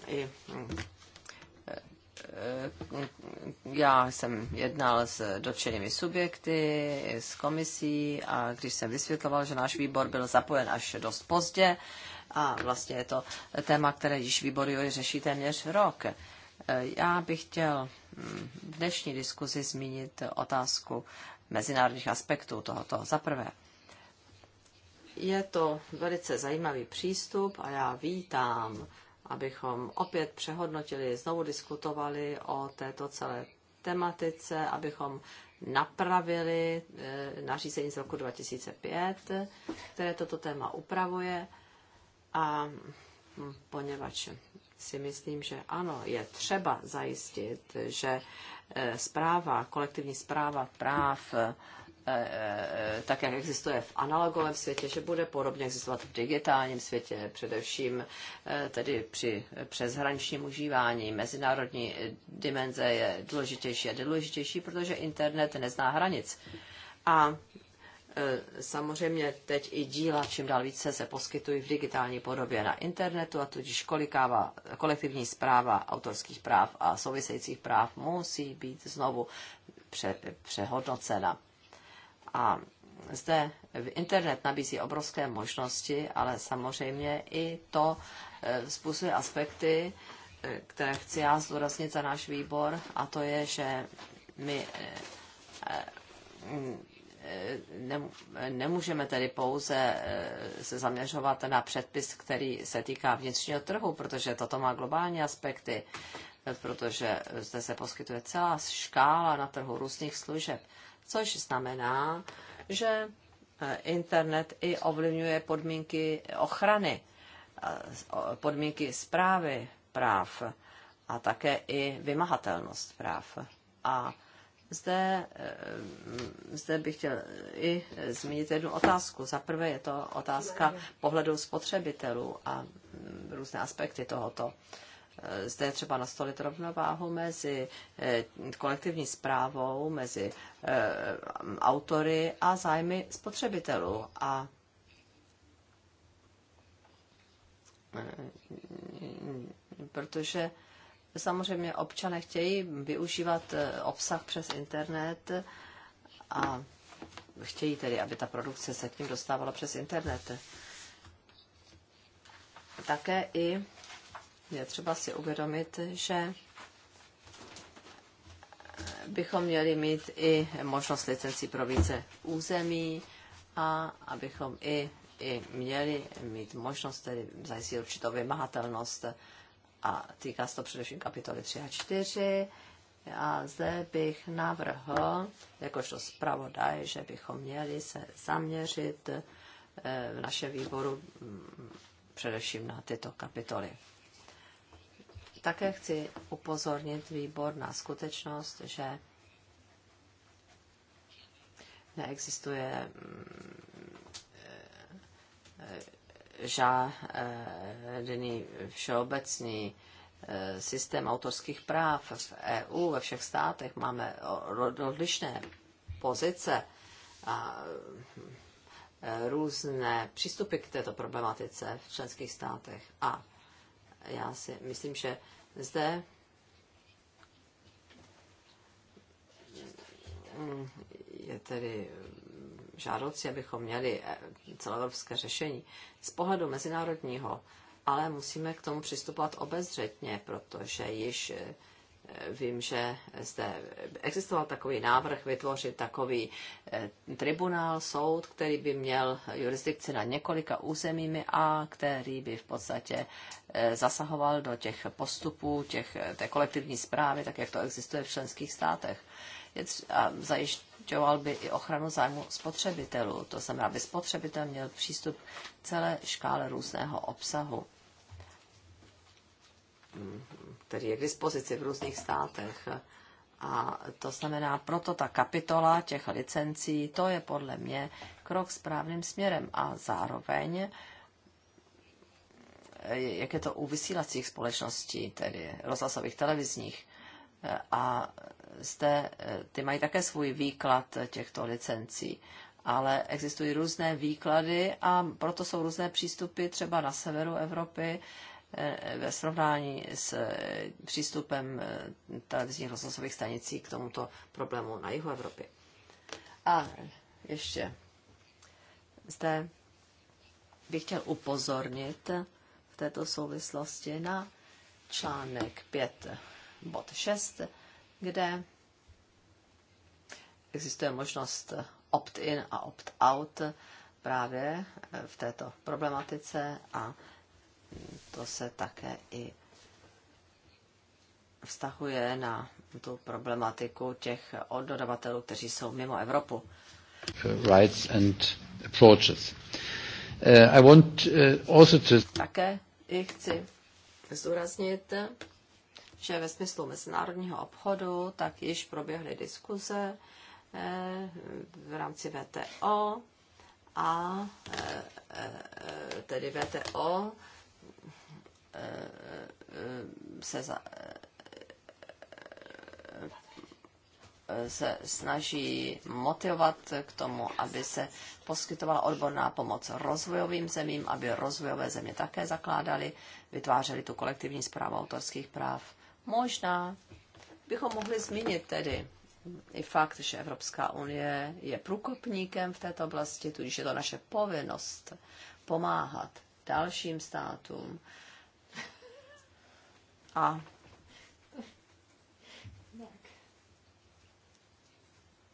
i Eh, já jsem jednal s dotčenými subjekty, s komisí a když jsem vysvětloval, že náš výbor byl zapojen až dost pozdě a vlastně je to téma, které již výbory řeší téměř rok. Eh, já bych chtěl hm, v dnešní diskuzi zmínit otázku mezinárodních aspektů tohoto. Za prvé, je to velice zajímavý přístup a já vítám abychom opět přehodnotili, znovu diskutovali o této celé tematice, abychom napravili eh, nařízení z roku 2005, které toto téma upravuje. A hm, poněvadž si myslím, že ano, je třeba zajistit, že zpráva, eh, kolektivní zpráva práv eh, E, e, tak, jak existuje v analogovém světě, že bude podobně existovat v digitálním světě, především e, tedy při přeshraničním užívání. Mezinárodní dimenze je důležitější a důležitější, protože internet nezná hranic. A samozřejmě teď i díla čím dál více se poskytují v digitální podobě na internetu a tudíž kolikává, kolektivní zpráva autorských práv a souvisejících práv musí být znovu pře, přehodnocena a zde internet nabízí obrovské možnosti, ale samozřejmě i to eh, způsobuje aspekty, eh, které chci já zdůraznit za náš výbor, a to je, že my eh, mm, nemůžeme tedy pouze se zaměřovat na předpis, který se týká vnitřního trhu, protože toto má globální aspekty, protože zde se poskytuje celá škála na trhu různých služeb což znamená, že eh, internet i ovlivňuje podmínky ochrany, eh, podmínky zprávy práv a také i vymahatelnost práv. A zde, eh, zde bych chtěl i zmínit jednu otázku. Za prvé je to otázka pohledu spotřebitelů a mm, různé aspekty tohoto. Uh, Eh, zde je třeba nastolit rovnováhu mezi eh, kolektivní zprávou, mezi eh, autory a zájmy spotřebitelů. A protože samozřejmě občané chtějí využívat obsah přes internet a chtějí tedy, aby ta produkce se k ním dostávala přes internet. Také i je třeba si uvědomit, že bychom měli mít i možnost licencí pro více území a abychom i, i měli mít možnost tedy zajistit určitou vymahatelnost a týká se to především kapitoly 3 a 4. A zde bych navrhl, jakožto zpravodaj, že bychom měli se zaměřit eh, v našem výboru mm, především na tyto kapitoly. Také chci upozornit výbor na skutečnost, že neexistuje mm, e, e, žádný všeobecný e, systém autorských práv v EU, ve všech státech máme odlišné pozice a různé přístupy k této problematice v členských státech. A já si myslím, že zde mm, je tedy mm, žádoucí, abychom měli eh, celoevropské řešení z pohledu mezinárodního, ale musíme k tomu přistupovat obezřetně, protože již eh, vím, že zde existoval takový návrh vytvořit takový eh, tribunál, soud, který by měl jurisdikci na několika územími a který by v podstatě eh, zasahoval do těch postupů, těch, eh, té kolektivní zprávy, tak jak to existuje v členských státech. A zajišťoval by i ochranu zájmu spotřebitelů. To znamená, aby spotřebitel měl přístup k celé škále různého obsahu který je k dispozici v různých státech. A to znamená, proto ta kapitola těch licencí, to je podle mě krok správným směrem. A zároveň, jak je to u vysílacích společností, tedy rozhlasových, televizních, a zde, ty mají také svůj výklad těchto licencí, ale existují různé výklady a proto jsou různé přístupy třeba na severu Evropy Eh, ve srovnání s eh, přístupem eh, televizních rozhlasových stanicí k tomuto problému na jihu Evropy. A ještě zde bych chtěl upozornit v této souvislosti na článek 5 bod 6, kde existuje možnost opt-in a opt-out právě v této problematice a to se také i vztahuje na tu problematiku těch dodavatelů, kteří jsou mimo Evropu. Rights and approaches. Uh, I want uh, also to... Také i chci zdůraznit, že ve smyslu mezinárodního obchodu tak již proběhly diskuze eh, v rámci VTO a eh, eh, tedy VTO se, za, se snaží motivovat k tomu, aby se poskytovala odborná pomoc rozvojovým zemím, aby rozvojové země také zakládaly, vytvářely tu kolektivní zprávu autorských práv. Možná bychom mohli zmínit tedy i fakt, že Evropská unie je průkopníkem v této oblasti, tudíž je to naše povinnost pomáhat dalším státům, a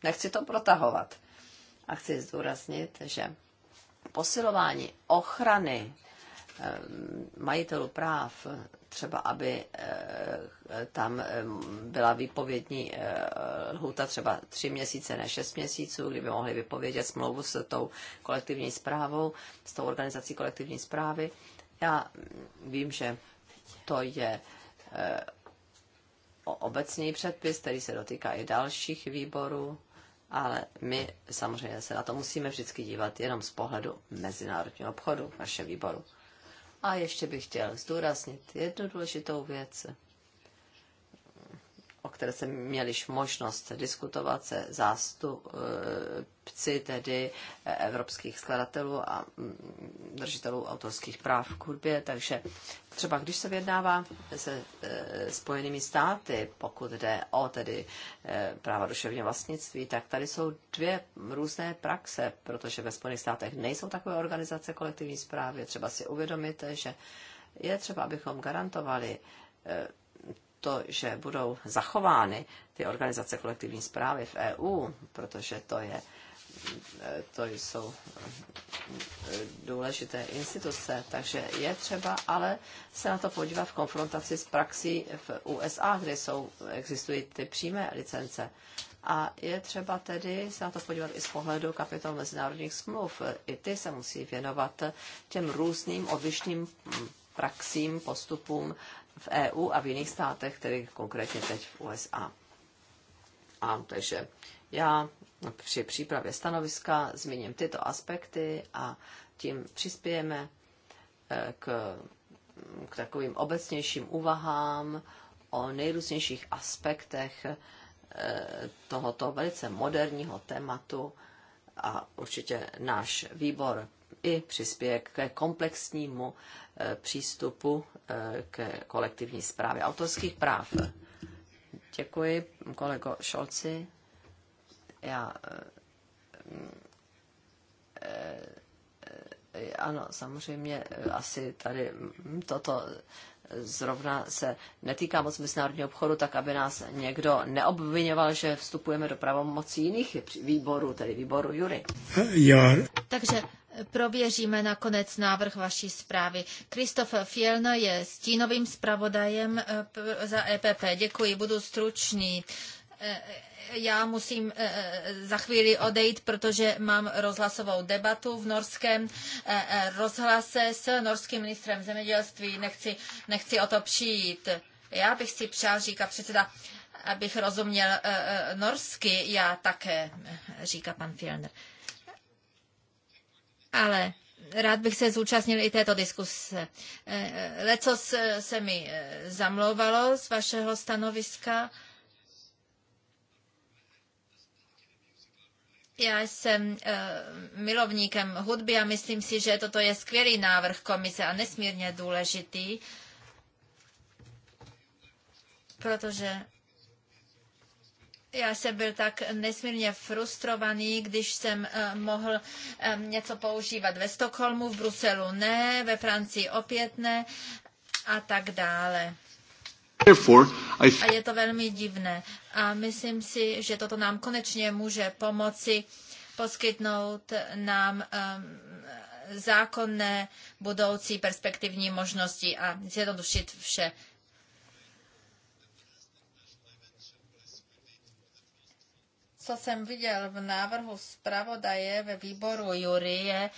nechci to protahovat. A chci zdůraznit, že posilování ochrany eh, majitelů práv, třeba aby eh, tam eh, byla výpovědní lhůta třeba tři měsíce, ne šest měsíců, kdyby mohli vypovědět smlouvu s tou kolektivní zprávou, s tou organizací kolektivní zprávy. Já vím, že to je obecný předpis, který se dotýká i dalších výborů, ale my samozřejmě se na to musíme vždycky dívat jenom z pohledu mezinárodního obchodu, naše výboru. A ještě bych chtěl zdůraznit jednu důležitou věc o které jsem měl již možnost diskutovat se zástupci tedy evropských skladatelů a mm, držitelů autorských práv v hudbě. Takže třeba když se vyjednává se e, Spojenými státy, pokud jde o tedy e, práva duševního vlastnictví, tak tady jsou dvě různé praxe, protože ve Spojených státech nejsou takové organizace kolektivní zprávy. Třeba si uvědomit, že je třeba, abychom garantovali e, to, že budou zachovány ty organizace kolektivní zprávy v EU, protože to je to jsou důležité instituce, takže je třeba ale se na to podívat v konfrontaci s praxí v USA, kde jsou, existují ty přímé licence. A je třeba tedy se na to podívat i z pohledu kapitol mezinárodních smluv. I ty se musí věnovat těm různým odlišným praxím, postupům v EU a v jiných státech, tedy konkrétně teď v USA. A takže já při přípravě stanoviska zmíním tyto aspekty a tím přispějeme eh, k, k takovým obecnějším úvahám o nejrůznějších aspektech eh, tohoto velice moderního tématu a určitě náš výbor i přispěje ke komplexnímu e, přístupu e, ke kolektivní zprávě autorských práv. Děkuji, kolego Šolci. Já e, ano, samozřejmě asi tady mm, toto zrovna se netýká moc mezinárodního obchodu, tak aby nás někdo neobvinoval, že vstupujeme do pravomocí jiných výborů, tedy výboru Jury. Já. Takže prověříme nakonec návrh vaší zprávy. Kristof Fielner je stínovým zpravodajem eh, za EPP. Děkuji, budu stručný eh, eh, já musím za chvíli odejít, protože mám rozhlasovou debatu v norském rozhlase s norským ministrem zemědělství. Nechci, nechci o to přijít. Já bych si přál, říká předseda, abych rozuměl norsky, já také, říká pan Filner ale rád bych se zúčastnil i této diskuse. Eh, Leco eh, se mi eh, zamlouvalo z vašeho stanoviska. Já jsem milovníkem hudby a myslím si, že toto je skvělý návrh komise a nesmírně důležitý, protože já jsem byl tak nesmírně frustrovaný, když jsem eh, mohl eh, něco používat ve Stockholmu, v Bruselu ne, ve Francii opět ne a tak dále. A je to velmi divné. A myslím si, že toto nám konečně může pomoci poskytnout nám eh, zákonné budoucí perspektivní možnosti a zjednodušit vše. co jsem viděl v návrhu zpravodaje ve výboru Jury, je,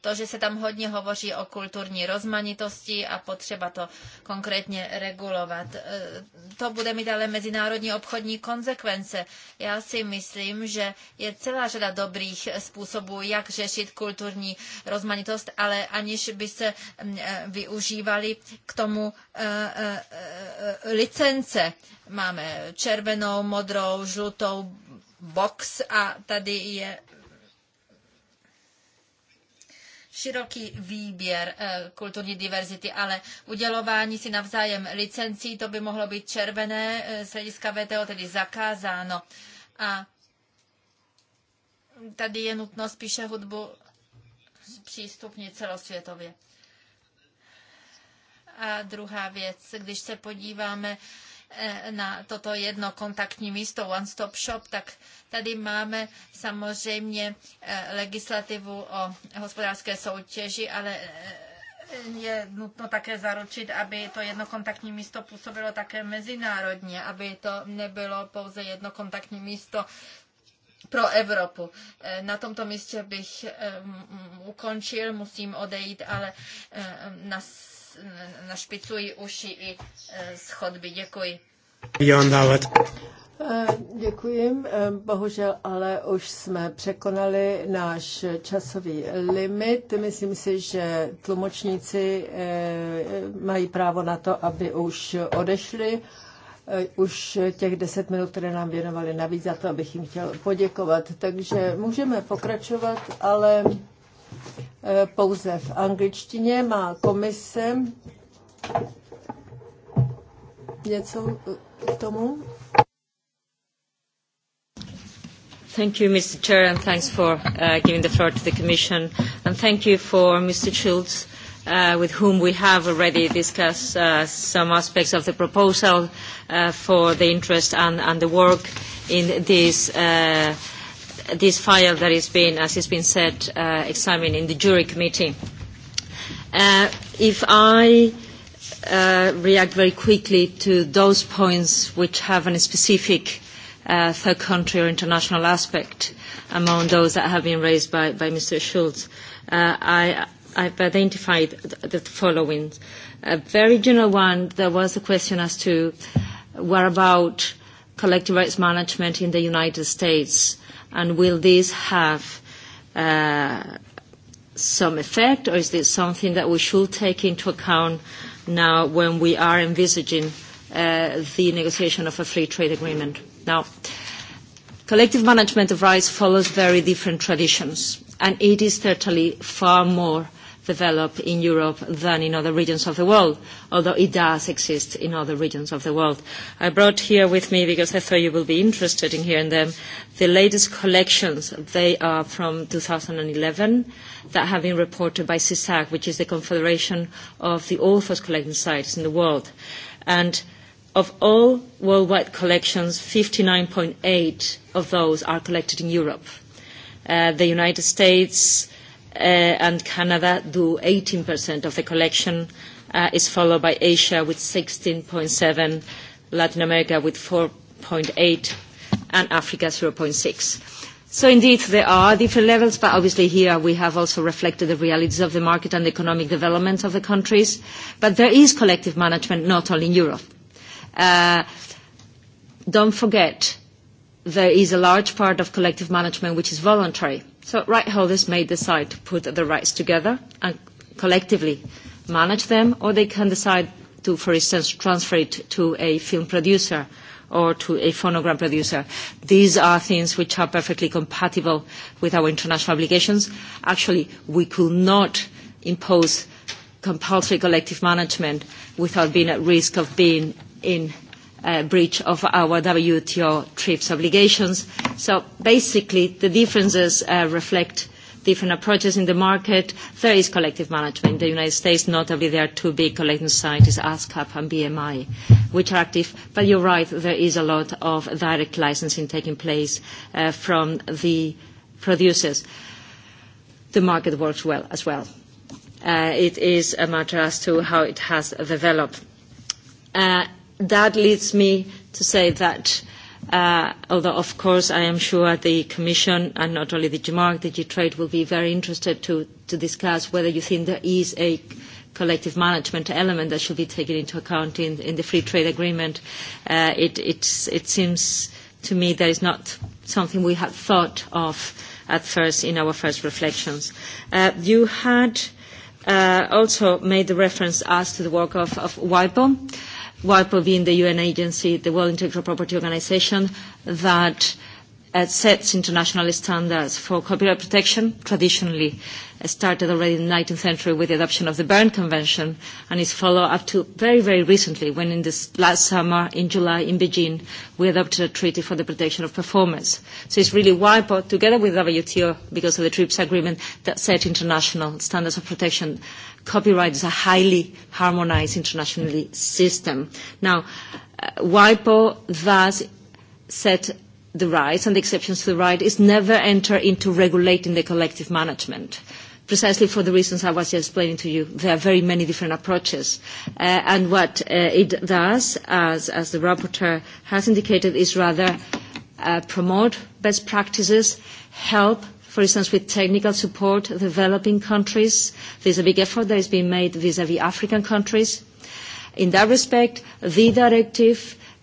to, že se tam hodně hovoří o kulturní rozmanitosti a potřeba to konkrétně regulovat. E, to bude mít ale mezinárodní obchodní konsekvence. Já si myslím, že je celá řada dobrých způsobů, jak řešit kulturní rozmanitost, ale aniž by se mm, e, využívali k tomu e, licence. Máme červenou, modrou, žlutou box a tady je široký výběr eh, kulturní diverzity, ale udělování si navzájem licencí, to by mohlo být červené eh, z hlediska VTO, tedy zakázáno. A tady je nutno spíše hudbu přístupnit celosvětově. A druhá věc, když se podíváme Eh, na toto jedno kontaktní místo, one-stop shop, tak tady máme samozřejmě eh, legislativu o hospodářské soutěži, ale eh, je nutno také zaručit, aby to jednokontaktní místo působilo také mezinárodně, aby to nebylo pouze jednokontaktní místo pro Evropu. Na tomto místě bych ukončil, musím odejít, ale na našpicují uši i z e, chodby. Děkuji. E, děkuji, e, bohužel, ale už jsme překonali náš časový limit. Myslím si, že tlumočníci mají právo na to, aby už odešli. Už těch deset minut, které nám věnovali navíc, za to abych jim chtěl poděkovat. Takže můžeme pokračovat, ale Eh, pouze v angličtině. Má komise něco eh, k tomu? Thank you, Mr. Chair, and thanks for uh, giving the floor to the Commission. And thank you for Mr. Schultz, uh, with whom we have already discussed uh, some aspects of the proposal uh, for the interest and, and the work in this uh, this file that has been, as has been said, uh, examined in the jury committee. Uh, if I uh, react very quickly to those points which have a specific uh, third country or international aspect among those that have been raised by, by Mr. Schultz, uh, I, I've identified the following. A very general one, there was a question as to what about collective rights management in the United States and will this have uh, some effect, or is this something that we should take into account now when we are envisaging uh, the negotiation of a free trade agreement? Now, collective management of rights follows very different traditions, and it is certainly far more Develop in Europe than in other regions of the world, although it does exist in other regions of the world. I brought here with me, because I thought you will be interested in hearing them, the latest collections. They are from 2011 that have been reported by CISAC, which is the Confederation of the Authors Collecting Sites in the world. And of all worldwide collections, 59.8 of those are collected in Europe. Uh, the United States, uh, and Canada do 18% of the collection, uh, is followed by Asia with 16.7, Latin America with 4.8, and Africa 0.6. So indeed, there are different levels, but obviously here we have also reflected the realities of the market and the economic development of the countries. But there is collective management not only in Europe. Uh, don't forget, there is a large part of collective management which is voluntary So right holders may decide to put the rights together and collectively manage them, or they can decide to, for instance, transfer it to a film producer or to a phonogram producer. These are things which are perfectly compatible with our international obligations. Actually, we could not impose compulsory collective management without being at risk of being in Uh, breach of our WTO TRIPS obligations. So basically, the differences uh, reflect different approaches in the market. There is collective management. In the United States, notably, there are two big collecting societies, ASCAP and BMI, which are active. But you're right, there is a lot of direct licensing taking place uh, from the producers. The market works well as well. it is a matter as to how it has developed that leads me to say that Uh, although, of course, I am sure the Commission and not only the GMARC, the G-Trade will be very interested to, to discuss whether you think there is a collective management element that should be taken into account in, in the free trade agreement. Uh, it, it's, it seems to me that is not something we had thought of at first in our first reflections. Uh, you had uh, also made the reference as to the work of, of WIPO. WIPO being the UN agency, the World Intellectual Property Organization, that uh, sets international standards for copyright protection, traditionally uh, started already in the 19th century with the adoption of the Berne Convention and is followed up to very, very recently when in this last summer in July in Beijing we adopted a treaty for the protection of performers. So it's really WIPO together with WTO because of the TRIPS agreement that set international standards of protection. Copyright is a highly harmonized internationally system. Now, uh, WIPO thus set the rights and the exceptions to the right is never enter into regulating the collective management precisely for the reasons I was explaining to you. There are very many different approaches. Uh, and what uh, it does, as, as the rapporteur has indicated, is rather uh, promote best practices, help, for instance, with technical support, developing countries. There's a big effort that is being made vis-à-vis -vis African countries. In that respect, the directive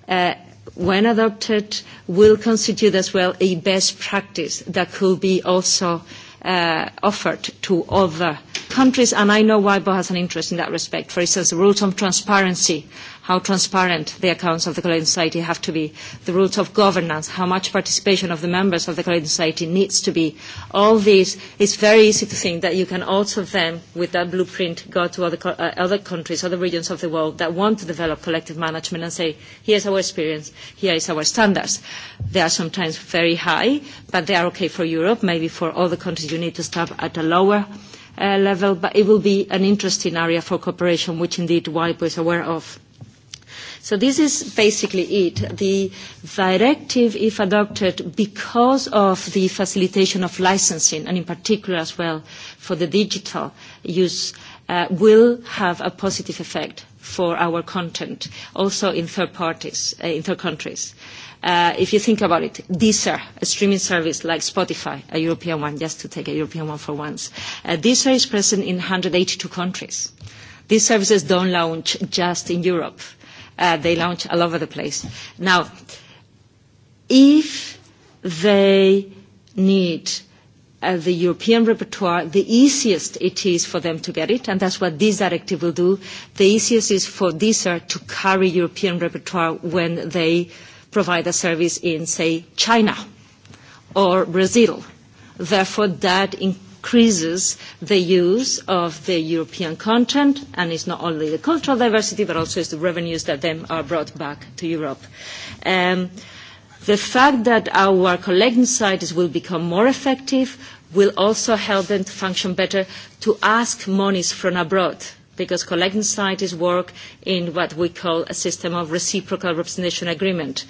uh, when adopted, will constitute as well a best practice that could be also uh, offered to other countries. And I know WIPO has an interest in that respect. For instance, the rules on transparency how transparent the accounts of the Collegium Society have to be, the rules of governance, how much participation of the members of the Collegium Society needs to be. All this, it's very easy to think that you can also then, with that blueprint, go to other, uh, other countries, other regions of the world that want to develop collective management and say, here's our experience, here is our standards. They are sometimes very high, but they are okay for Europe. Maybe for other countries you need to start at a lower uh, level, but it will be an interesting area for cooperation, which indeed WIPO is aware of. So this is basically it. The directive, if adopted because of the facilitation of licensing, and in particular as well for the digital use, uh, will have a positive effect for our content, also in third parties, uh, in third countries. Uh, if you think about it, Deezer, a streaming service like Spotify, a European one, just to take a European one for once, uh, Deezer is present in 182 countries. These services don't launch just in Europe uh, they launch all over the place. Now, if they need uh, the European repertoire, the easiest it is for them to get it, and that's what this directive will do. The easiest is for DSER to carry European repertoire when they provide a service in, say, China or Brazil. Therefore, that in increases the use of the European content, and it's not only the cultural diversity, but also it's the revenues that then are brought back to Europe. Um, the fact that our collecting societies will become more effective will also help them to function better to ask monies from abroad because collecting societies work in what we call a system of reciprocal representation agreement.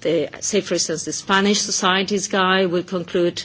The, say, for instance, the Spanish Societies guy will conclude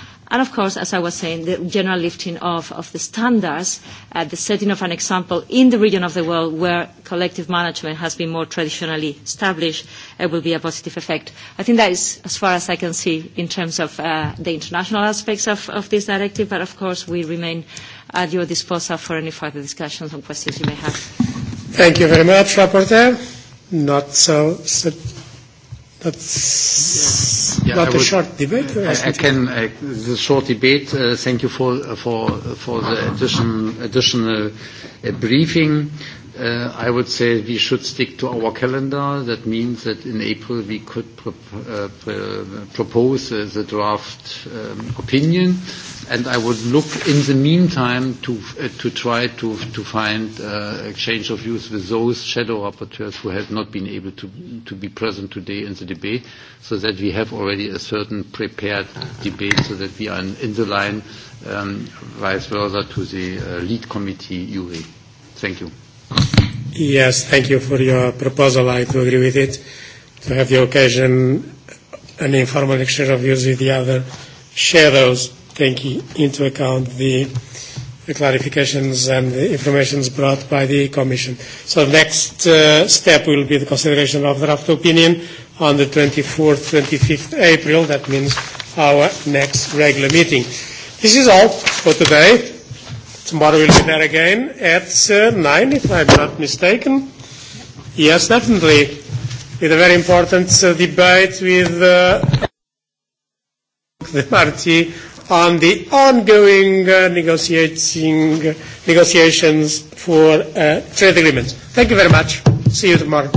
And of course, as I was saying, the general lifting of, of the standards, uh, the setting of an example in the region of the world where collective management has been more traditionally established it uh, will be a positive effect. I think that is as far as I can see in terms of uh, the international aspects of, of this directive, but of course we remain at your disposal for any further discussions and questions you may have. Thank you very much, Rapporteur. Not so, so That's yeah, not I a would, short debate. I, I can uh, the short debate. Uh, thank you for uh, for for the addition, additional uh, briefing. Uh, I would say we should stick to our calendar. That means that in April we could pro- uh, pr- propose uh, the draft um, opinion and I would look in the meantime to, uh, to try to, to find uh, exchange of views with those shadow rapporteurs who have not been able to, to be present today in the debate, so that we have already a certain prepared debate, so that we are in, in the line, um, vice versa to the uh, lead committee, URI. Thank you. Yes, thank you for your proposal. I do agree with it. To have the occasion, an informal exchange of views with the other shadows taking into account the, the clarifications and the information brought by the Commission. So the next uh, step will be the consideration of the draft opinion on the 24th, 25th April. That means our next regular meeting. This is all for today. Tomorrow we'll be there again at uh, 9, if I'm not mistaken. Yes, definitely. With a very important uh, debate with uh, the party on the ongoing uh, negotiating, negotiations for uh, trade agreements. Thank you very much. See you tomorrow.